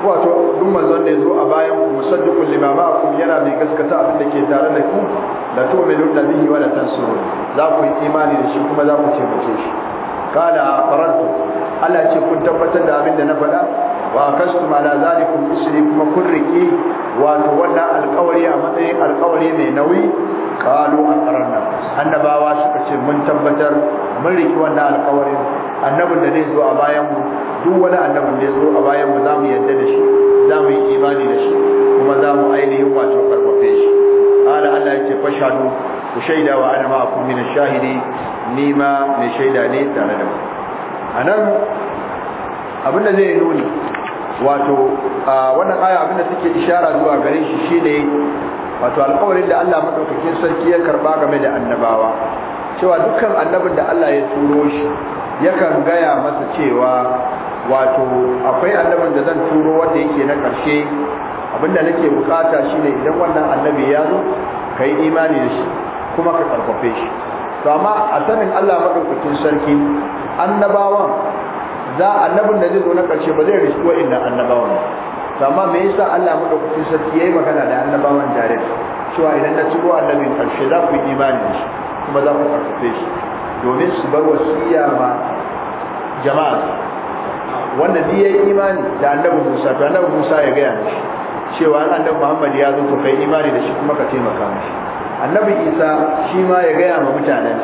wato duk manzon da ya zo a bayan ku musaddiqul lima ma'akum yana mai gaskata abin da ke tare da ku la tu'minuna bihi wala la za ku yi imani da shi kuma za ku taimake shi kala farantu Allah ce kun tabbatar da abin da na faɗa wa kastum ala zalikum isri kuma kun riƙe wato wannan alƙawari a matsayin alƙawari mai nauyi an karanna annabawa suka ce mun tabbatar mun riki wannan alƙawarin annabin da zai zo a bayan mu duk wani annabin da ya zo a bayan mu za mu yarda da shi za mu yi imani da shi kuma za mu ainihin wato karfafe shi ala Allah yake fashadu ku shaida wa ana ma'akum min shahidi ni ma mai shaida ne tare da mu anan abin da zai nuni wato wannan aya abin da take ishara zuwa gare shi shine wato alƙawarin da Allah madaukakin sarki ya karba game da annabawa cewa dukkan annabin da Allah ya turo shi yakan gaya masa cewa wato akwai annabin da zan turo wanda yake na ƙarshe abinda nake bukata shine idan wannan annabi ya zo ka yi imani da shi kuma ka karfafe shi to amma a sanin Allah madaukakin sarki annabawan za annabin da zai zo na ƙarshe ba zai rishi wainnan annabawan ba amma me yasa Allah madaukakin sarki yayi magana da annabawan jarir cewa idan na ciro annabin karshe za ku yi imani da shi kuma za ku karfafe shi domin su bar wasiya ma jama'a wanda duk yayi imani da annabi Musa to annabi Musa ya gaya mishi cewa annabi Muhammad ya zo to kai imani da shi kuma ka taimaka mishi annabi Isa shi ma ya gaya ma mutanen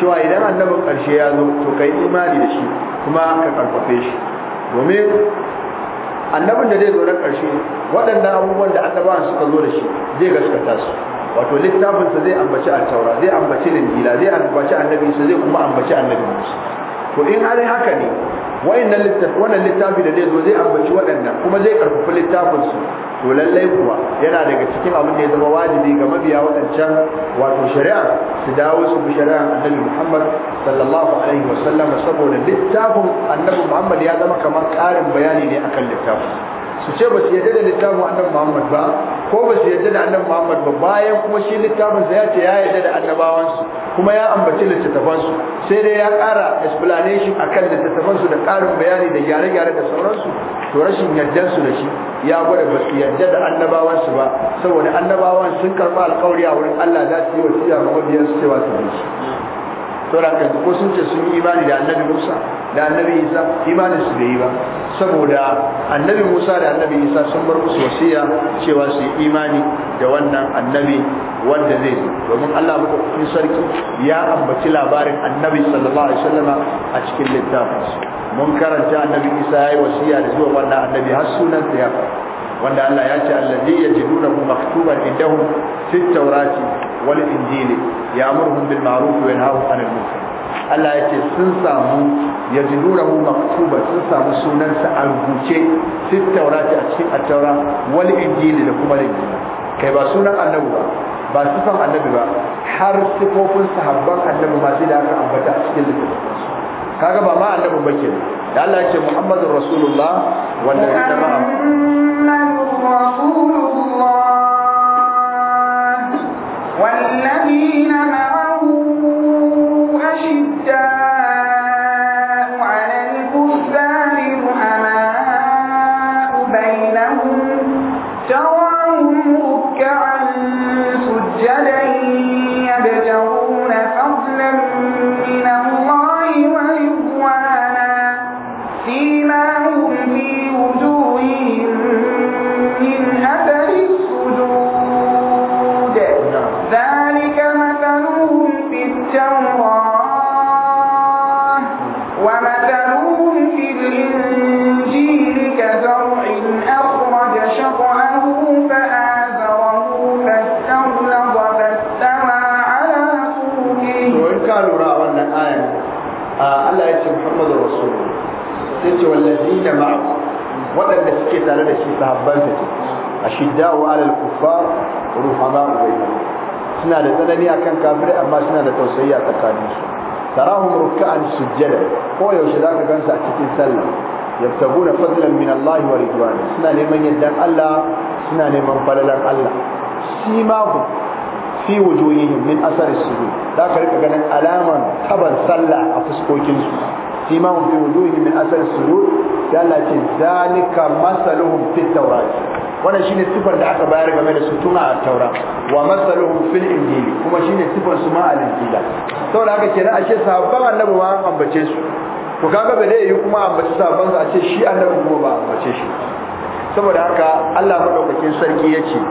cewa idan annabin karshe ya zo to kai imani da shi kuma ka karfafe shi domin annabin da zai zo na ƙarshe waɗannan abubuwan da annabawan suka zo da shi zai gaskata su wato littafinsa zai ambaci a taura zai ambaci dandila, zai ambaci annabi zai kuma ambaci annabi musa to in har haka ne wayannan wannan littafi da zai zo zai ambaci waɗannan kuma zai karfafa littafin su to lallai kuwa yana daga cikin abin da ya zama wajibi ga mabiya waɗancan wato shari'a su dawo su bi shari'a annabi Muhammad sallallahu alaihi wasallam saboda littafin annabi Muhammad ya zama kamar ƙarin bayani ne akan littafin su ce ba su yadda da littafin annan Muhammad ba ko ba su yadda da annan Muhammad ba bayan kuma shi littafin sa ya ce ya yadda da annabawansu, kuma ya ambaci littattafansu. sai dai ya ƙara explanation akan littattafan su da ƙarin bayani da gyare-gyare da sauransu to rashin yardansu da shi ya gwada ba su yarda da annabawansu ba saboda annabawan sun karɓi alƙawari a wurin Allah za su yi wasiya ga mabiyan su cewa su bi shi saboda ko sun ce sun yi imani da annabi Musa da annabi Isa imanin su bai yi ba saboda annabi Musa da annabi Isa sun bar musu wasiya cewa su yi imani da wannan annabi wanda zai zo domin Allah kufin sarki ya ambaci labarin annabi sallallahu alaihi wasallama a cikin littafin mun karanta annabi Isa ya yi wasiya da zuwa wannan annabi har sunan sa ya wanda Allah ya ce allazi yajidunahu maktuban indahum fit tawrati wal injili ya'muruhum bil ma'ruf wa yanhahum 'anil munkar Allah ya ce sun samu ya ji maktuba sun samu sunansa a rubuce fit tawrati a cikin at-taura wal injil da kuma linjila kai ba sunan annabi ba ba sifan annabi ba har sifofin sahabban annabi ma sai da aka ambata a cikin littafin kaga ba ma annabi ba ke da Allah ya ce Muhammadur Rasulullah wanda ya taba Muhammadur والذين معه أشداء tare da shi sahabbansa ce ashidda'u 'alal kuffar ruhama'u bainahum suna da tsanani akan kafirai amma suna da tausayi a tsakaninsu tarahum ruk'an sujjada ko yaushe zaka gansa a cikin sallah yabtaguna fadlan min Allah wa ridwana suna neman yaddan Allah suna neman falalan Allah shi ma ku fi wujuhihim min asar sujud zaka rika ganin alaman taban sallah a fuskokin su fi ma fi wujuhihim min asar sujud Yana ce zalika masaluhum fit tawrat wannan shine sifar da aka bayar game da su tun a taura wa masaluhum fil injil kuma shine sifar su ma al injila saboda haka kenan ashe sahabban annabi ma an ambace su ko kaga ba dai yi kuma ambace sahabban su a ce shi annabi kuma ba ambace shi saboda haka Allah madaukakin sarki yace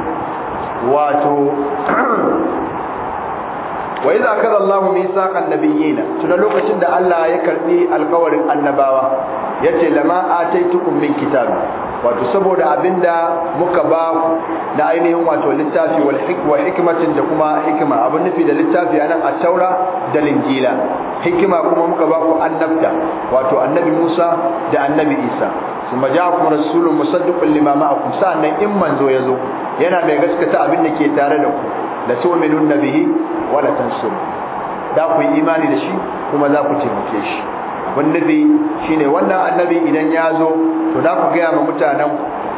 wato wa idza akhadha Allahu mithaqan nabiyina tuna lokacin da Allah ya karbi alkawarin annabawa yace lama ataitukum min kitab wato saboda abinda muka ba na ainihin wato littafi wal hikma hikmatin da kuma hikma. abin nufi da littafi anan a taura da linjila hikima kuma muka ba ku annabta wato annabi Musa da annabi Isa kuma ja'akum rasulun musaddiqun lima ma'akum nan in manzo yazo yana mai gaskata abin da ke tare da ku la tu'minunna bihi wa la tansuru da ku imani da shi kuma za ku taimake shi abin nufi shine wannan annabi idan ya zo to da ku gaya ma mutanen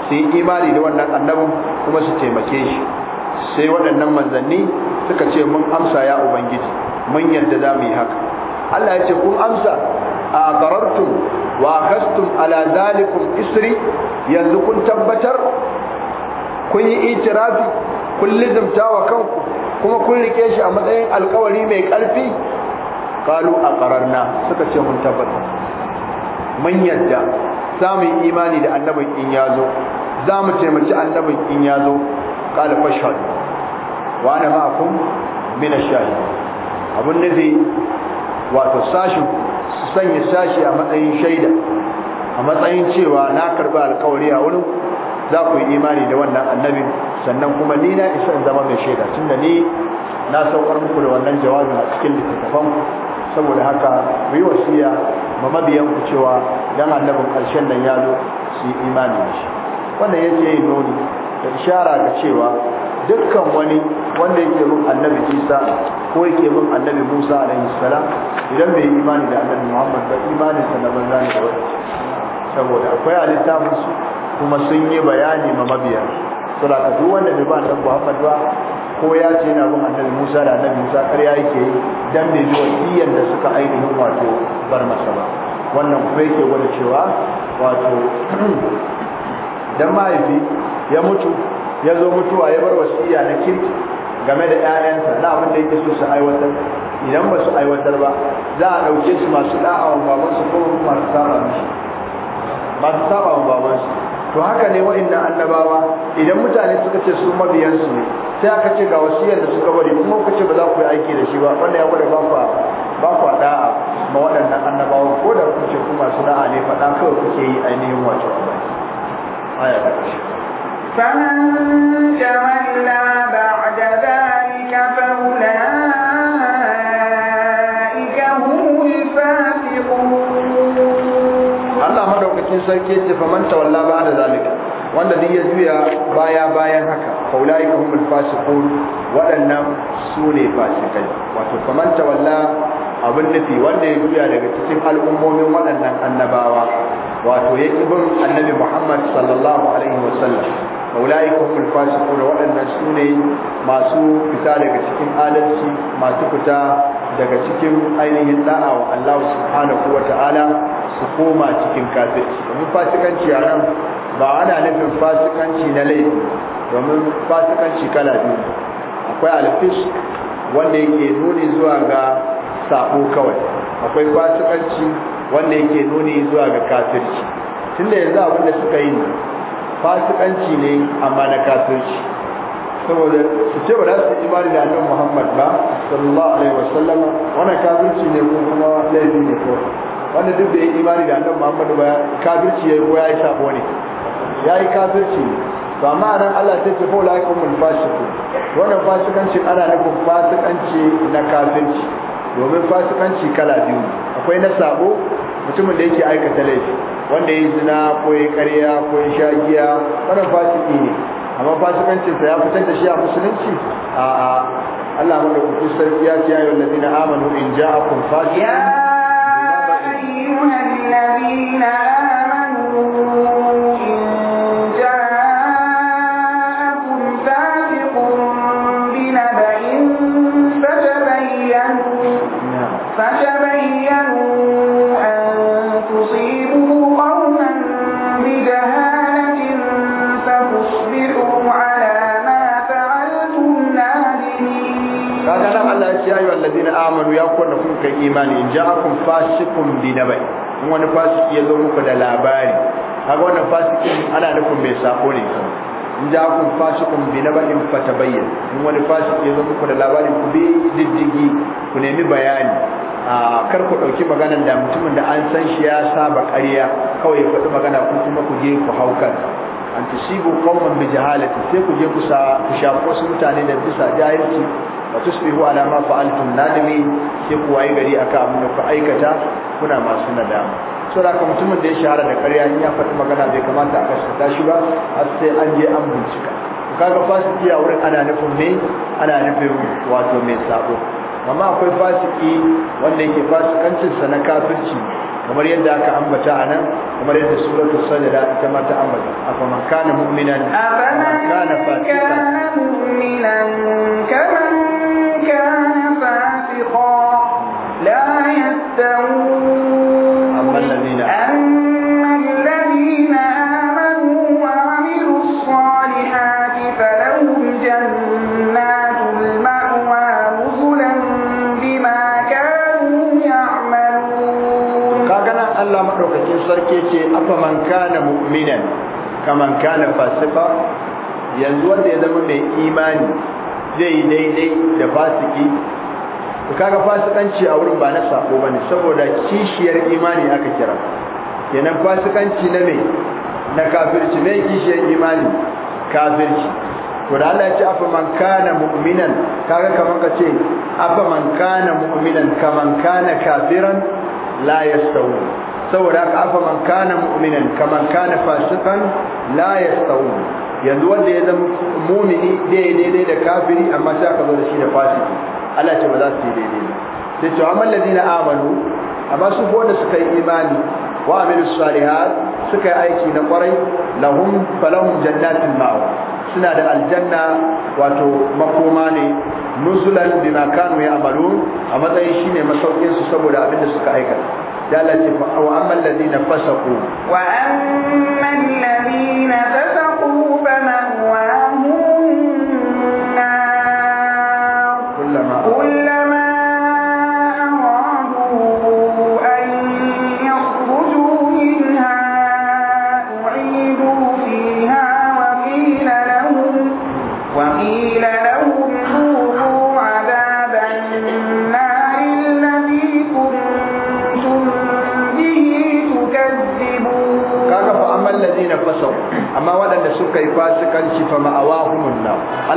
su yi imani da wannan annabin kuma su taimake shi sai waɗannan manzanni suka ce mun amsa ya ubangiji mun yarda za mu yi haka Allah ya ce kun amsa a barartum wa kastum ala zalikum isri yanzu kun tabbatar kun yi itirafi kun lizimta wa kanku kuma kun rike shi a matsayin alkawari mai ƙarfi kalu a ƙararna suka ce mun tabbata mun yadda za mu yi imani da annabin in ya zo za mu taimaci annabin in ya zo kala fashal wa ana ma'akum min ash-shahid abun nufi wato sashin su sanya sashi a matsayin shaida a matsayin cewa na karɓi alkawari a wurin za ku yi imani da wannan annabin sannan kuma ni na isa in zama mai shaida tunda ni na saukar muku da wannan jawabin a cikin littattafan saboda haka ku yi wasiya ma mabiyan ku cewa dan annabin karshen nan ya zo su yi imani da shi wannan yake yin nuni da ishara ga cewa dukkan wani wanda yake bin annabi Isa ko yake bin annabi Musa alaihi salam idan bai yi imani da annabi Muhammad ba imanin sa na banza ne da wani saboda akwai a littafin su kuma sun yi bayani ma mabiya da ka duwan da ba annabi Muhammad ba ko ya ce yana bin annabi Musa da annabi Musa ya yake yi dan bai ji wasiyyar da suka ainihin wato bar masa ba wannan kuma yake wani cewa wato dan mahaifi ya mutu ya zo mutuwa ya bar wasiyya na kirki game da 'ya'yansa na abin da yake so su aiwatar idan ba su aiwatar ba za a ɗauke su masu ɗa'awa babansu ko masu saba mishi masu saba babansu to haka ne waɗannan annabawa idan mutane suka ce su mabiyansu ne sai aka ce ga wasiyar da suka bari kuma ku ce ba za ku yi aiki da shi ba wanda ya gwada ba ku da'a ma waɗannan annabawa ko da ku ce ku masu da'a ne faɗa kawai kuke yi ainihin wato ba. aya ta ƙarshe cikin sarki yace faman tawalla da zalika wanda duk ya juya baya bayan haka faulai humul fasiqun waɗannan su ne fasikai wato faman tawalla abin nufi wanda ya juya daga cikin al'ummomin waɗannan annabawa wato ya ƙi bin annabi Muhammad sallallahu alaihi wa sallam. maulai kumul fasiqun waɗannan su ne masu fita daga cikin adalci masu fita daga cikin ainihin da'a wa Allah subhanahu wa ta'ala su koma cikin kafirci domin fasikanci a nan ba ana nufin fasikanci na laifi domin fasikanci kala biyu akwai alfish wanda yake nuni zuwa ga sabo kawai akwai fasikanci wanda yake nuni zuwa ga kafirci tunda yanzu abin da suka yi fasikanci ne amma na kafirci saboda su ce ba za su yi imani da annabi Muhammad ba sallallahu alaihi wasallam wannan kafirci ne ko kuma laifi ne ko wanda duk da ya imani da annabi Muhammadu ba kafirci yayi ko yayi sabo ne yayi kafirci to amma nan Allah ta ce ko laikum al fasiqun wannan fasikanci ana nufin fasikanci na kafirci domin fasikanci kala biyu akwai na sabo mutumin da yake aikata laifi wanda ya zina ko ya karya ko ya sha giya wannan fasiki ne amma fasikancinsa ya fitar da shi a musulunci A'a Allah mu da kuku ya ce ya yi wallazina amanu in ja'akum fasiqun الذين آمنوا amanu ya kuwa kuka imani in ja'akum fasiqun binabai in wani fasiki ya zo muku da labari kaga wannan fasikin ana nufin mai sako ne in ja'akum fasikun binabai fatabayyan in wani fasiki ya zo muku da labari ku bi diddigi ku nemi bayani a kar ku dauki maganar da mutumin da an san shi ya saba ƙarya kawai ya faɗi magana ku kuma ku je ku haukar an tusibu qauman bi jahalati sai ku je ku sa ku shafi wasu mutane da bisa jahilci wa tusbihu ala ma fa'altum nadimi sai ku yi gari aka abin ku aikata kuna masu nadama saboda kuma mutumin da ya shahara da ƙarya in ya faɗi magana bai kamata a kashe shi ba har sai an je an bincika kaga fasiki a wurin ana nufin me ana nufin wato mai sabo amma akwai fasiki wanda yake fasikancinsa na kafirci kamar yadda aka ambata a nan kamar yadda suratu sajada ita ma ta ambata afa man kana mu'minan afa man kana fasikan mu'minan kaman kamar kana fasika yanzu wanda ya zama mai imani zai daidai da fasiki kaga fasikanci a wurin ba na sako bane saboda kishiyar imani aka kira kenan fasikanci na me na kafirci mai kishiyar imani kafirci to da Allah ya ce afa man kana mu'minan kaga kamar ka ce afa man kana mu'minan kaman kana kafiran la yastawi saboda aka afa man kana mu'minan kaman kana fasikan la yanzu wanda ya zama mumini daidai da kafiri amma sai aka zo da shi da fasiki Allah ce ba za su yi daidai ba sai to amma ladina amanu amma su ko da suka yi imani wa amilu salihat suka yi aiki na kwarai lahum falahum jannatin ma'awa suna da aljanna wato makoma ne nuzulan bima kanu ya'malun a matsayin shine masaukin su saboda abin da suka aikata Ya Allah ce wa amman ladina fasaku wa amman ladina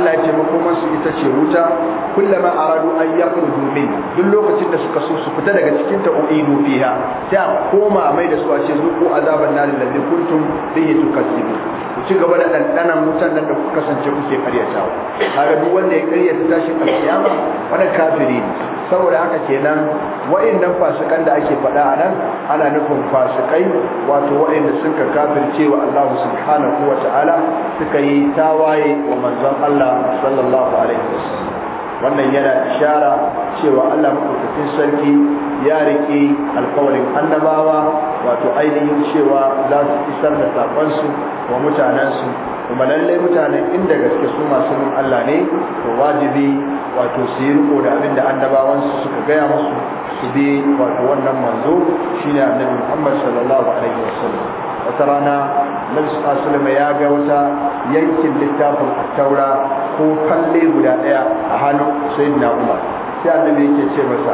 Allah ya ce makomansu ita ce wuta kullama aradu an yakhruju min duk lokacin da suka so su fita daga cikin ta uidu fiha sai koma mai da su a ce zuku azaban nar da kuntum bihi tukazzibu ku ci gaba da dandanan mutan nan da ku kasance kuke karyatawa kaga duk wanda ya karyata tashi alkiyama wannan kafiri ne saboda haka kenan wa'annan fasikan da ake faɗa a nan ana nufin fasikai wato wa'anda suka kafirce wa Allah subhanahu wa ta'ala suka yi tawaye wa manzon Allah sallallahu alaihi wasallam wannan yana ishara cewa Allah madaukakin sarki ya rike alkawarin annabawa wato ainihin cewa za su isar da sakonsu wa mutanensu kuma lallai mutanen inda gaske su masu nun Allah ne to wajibi wato su yi riko da abin da annabawansu suka gaya musu su bi wato wannan manzo shine annabi Muhammad sallallahu alaihi wasallam wata rana Nabi sallallahu alaihi wasallam ya ga wata yankin littafin Taura ko falle guda daya a hannun sayyidina umar sai annabi yake ce masa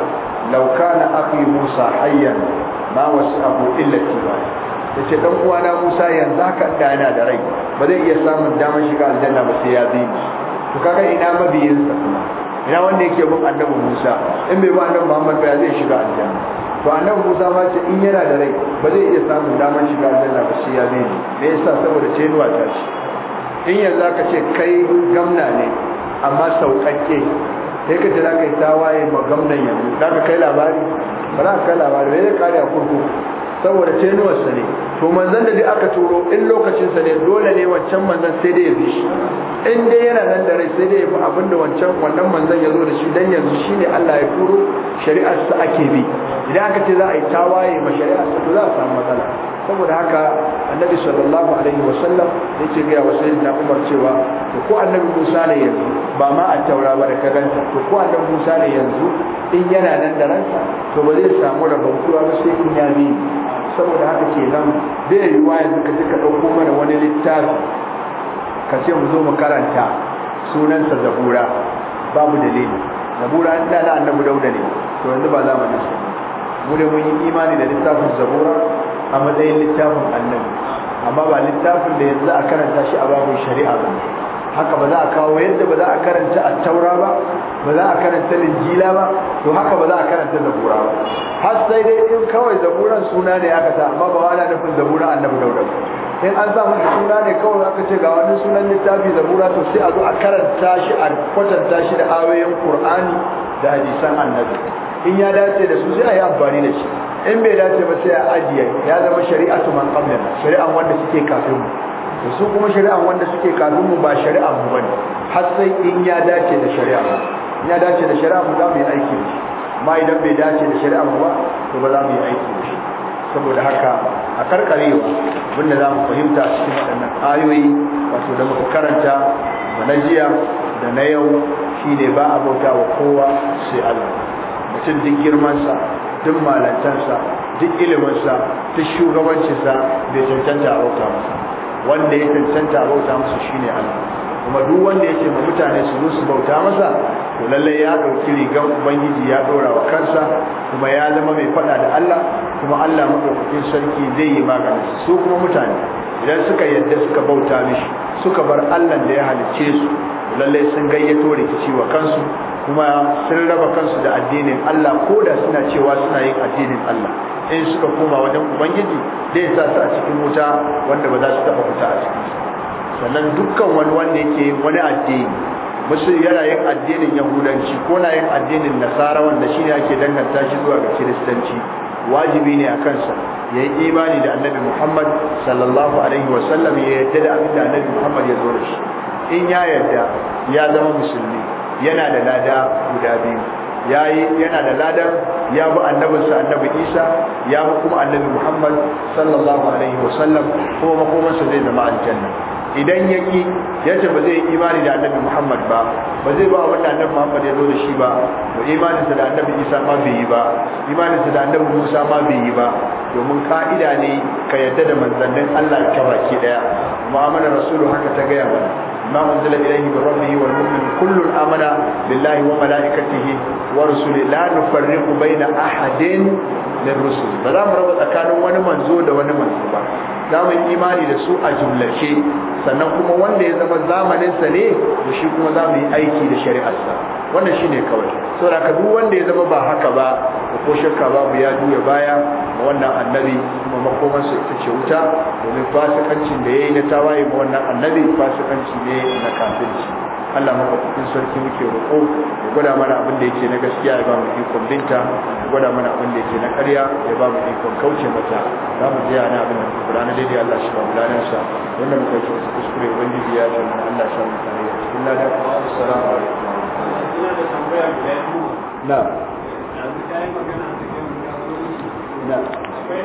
lauka na akhi musa hayyan ma wasi'ahu illa Ya ce dan uwana musa yanzu haka dana da rai ba zai iya samun damar shiga aljanna ba sai ya bi to kaga ina mabiyinsa kuma ina wanda yake bin annabi musa in bai ba annabi muhammad ba zai shiga aljanna to annabi musa ma ce in yana da rai ba zai iya samun damar shiga aljanna ba sai ya bi me yasa saboda cewa ta shi in yanzu aka ce kai gamna ne amma sauƙaƙe sai ka ce za ka yi tawaye ma gamnan yanzu za ka kai labari ba za ka kai labari bai zai kare a kurkuku saboda tenuwarsa ne to manzan da dai aka turo in lokacinsa ne dole ne wancan manzan sai dai ya bi shi in dai yana nan da rai sai dai ya fi abin da wancan wannan manzan ya zo da shi dan yanzu shi ne Allah ya turo shari'arsa ake bi idan aka ce za a yi tawaye ma shari'arsa to za a samu matsala saboda haka annabi sallallahu alaihi wasallam ce ga wa da Umar cewa to ko annabi Musa ne yanzu ba ma a taura ba da kaganta to ko annabi Musa ne yanzu in yana nan da ranka to ba zai samu rabantuwa ba sai in ya bi saboda haka kenan bai yiwa yanzu ka je dauko mana wani littafi ka ce mu zo mu karanta sunansa zabura babu dalili zabura an da na annabi dauda ne to yanzu ba za mu su mu da mun yi imani da littafin zabura a matsayin littafin annabi amma ba littafin da yanzu a karanta shi a babin shari'a ba haka ba za a kawo yadda ba za a karanta taura ba ba za a karanta linjila ba to haka ba za a karanta zabura ba har sai dai in kawai zaburan suna ne aka sa amma ba wala nufin zabura annabi dauda in an sa suna ne kawai aka ce ga wani sunan littafi zabura to sai a zo a karanta shi a kwatanta shi da ayoyin qur'ani da hadisan annabi in ya dace da su sai a yi amfani da shi in bai dace ba sai a ajiye ya zama shari'atu man qablana shari'an wanda suke kafin mu to su kuma shari'an wanda suke kafin mu ba shari'an mu bane har sai in ya dace da shari'a in ya dace da shari'a mu za mu yi aiki da shi amma idan bai dace da shari'a mu ba to ba za mu yi aiki da shi saboda haka a karkarewa abinda za mu fahimta cikin waɗannan ayoyi wato da muka karanta da na jiya da na yau shine ba a bauta wa kowa sai Allah mutum duk girmansa duk malantarsa duk ilimansa duk shugabancinsa bai cancanta a bauta masa wanda ya cancanta a bauta masa shine Allah kuma duk wanda ya ce ma mutane su zo su bauta masa to lallai ya ɗauki rigar ubangiji ya ɗora wa kansa kuma ya zama mai faɗa da Allah kuma Allah maɗaukakin sarki zai yi maganin su kuma mutane idan suka yadda suka bauta mishi suka bar Allah da ya halicce su lallai sun gayyato rikici wa kansu kuma sun raba kansu da addinin Allah ko da suna cewa suna yin addinin Allah in suka koma wajen ubangiji zai sa su a cikin wuta wanda ba za su taba wuta a cikin sannan dukkan wani wanda yake wani addini musu yana yin addinin yahudanci ko na yin addinin nasara wanda ne ake danganta shi zuwa ga kiristanci wajibi ne a kansa ya yi imani da annabi muhammad sallallahu alaihi wasallam ya yadda da abin da annabi muhammad ya zo da shi in ya yadda ya zama musulmi yana da lada guda biyu yayi yana da lada ya bi annabinsa annabi isa ya bi kuma annabi muhammad sallallahu alaihi wasallam kuma makomansa zai zama aljanna idan ya ƙi ya ce ba zai yi imani da annabi muhammad ba ba zai ba wa wanda annabi muhammad ya zo da shi ba ba imani da annabi isa ma bai yi ba imani da annabi musa ma bai yi ba domin ka'ida ne ka yadda da manzannin allah ta baki daya mu'amala rasulu haka ta gaya mana ma unzila ilayhi yi rabbihi wal mu'min kullum amana billahi wa malaikatihi wa rusuli la nufarriqu bayna ahadin min rusu ba za mu raba tsakanin wani manzo da wani manzo ba za mu yi imani da su a jumlace sannan kuma wanda ya zama zamaninsa ne to shi kuma za mu yi aiki da shari'arsa wannan shine kawai saboda ka duk wanda ya zama ba haka ba ko shakka babu ya juya baya ma wannan annabi kuma makomansa ita ce wuta domin fasikancin da ya yi na tawaye ma wannan annabi fasikanci ne na kafirci Allah mafafikin sarki muke roƙo ya gwada mana abin da yake na gaskiya ya ba mu ikon binta ya gwada mana abin da yake na ƙarya ya ba mu ikon kauce mata za mu je ana abin da ku fura na daidai Allah shi ba mu ladan sa wannan muka yi kuskure ubangiji ya ce mana Allah shi mu tare ya cikin ladan assalamu alaikum na na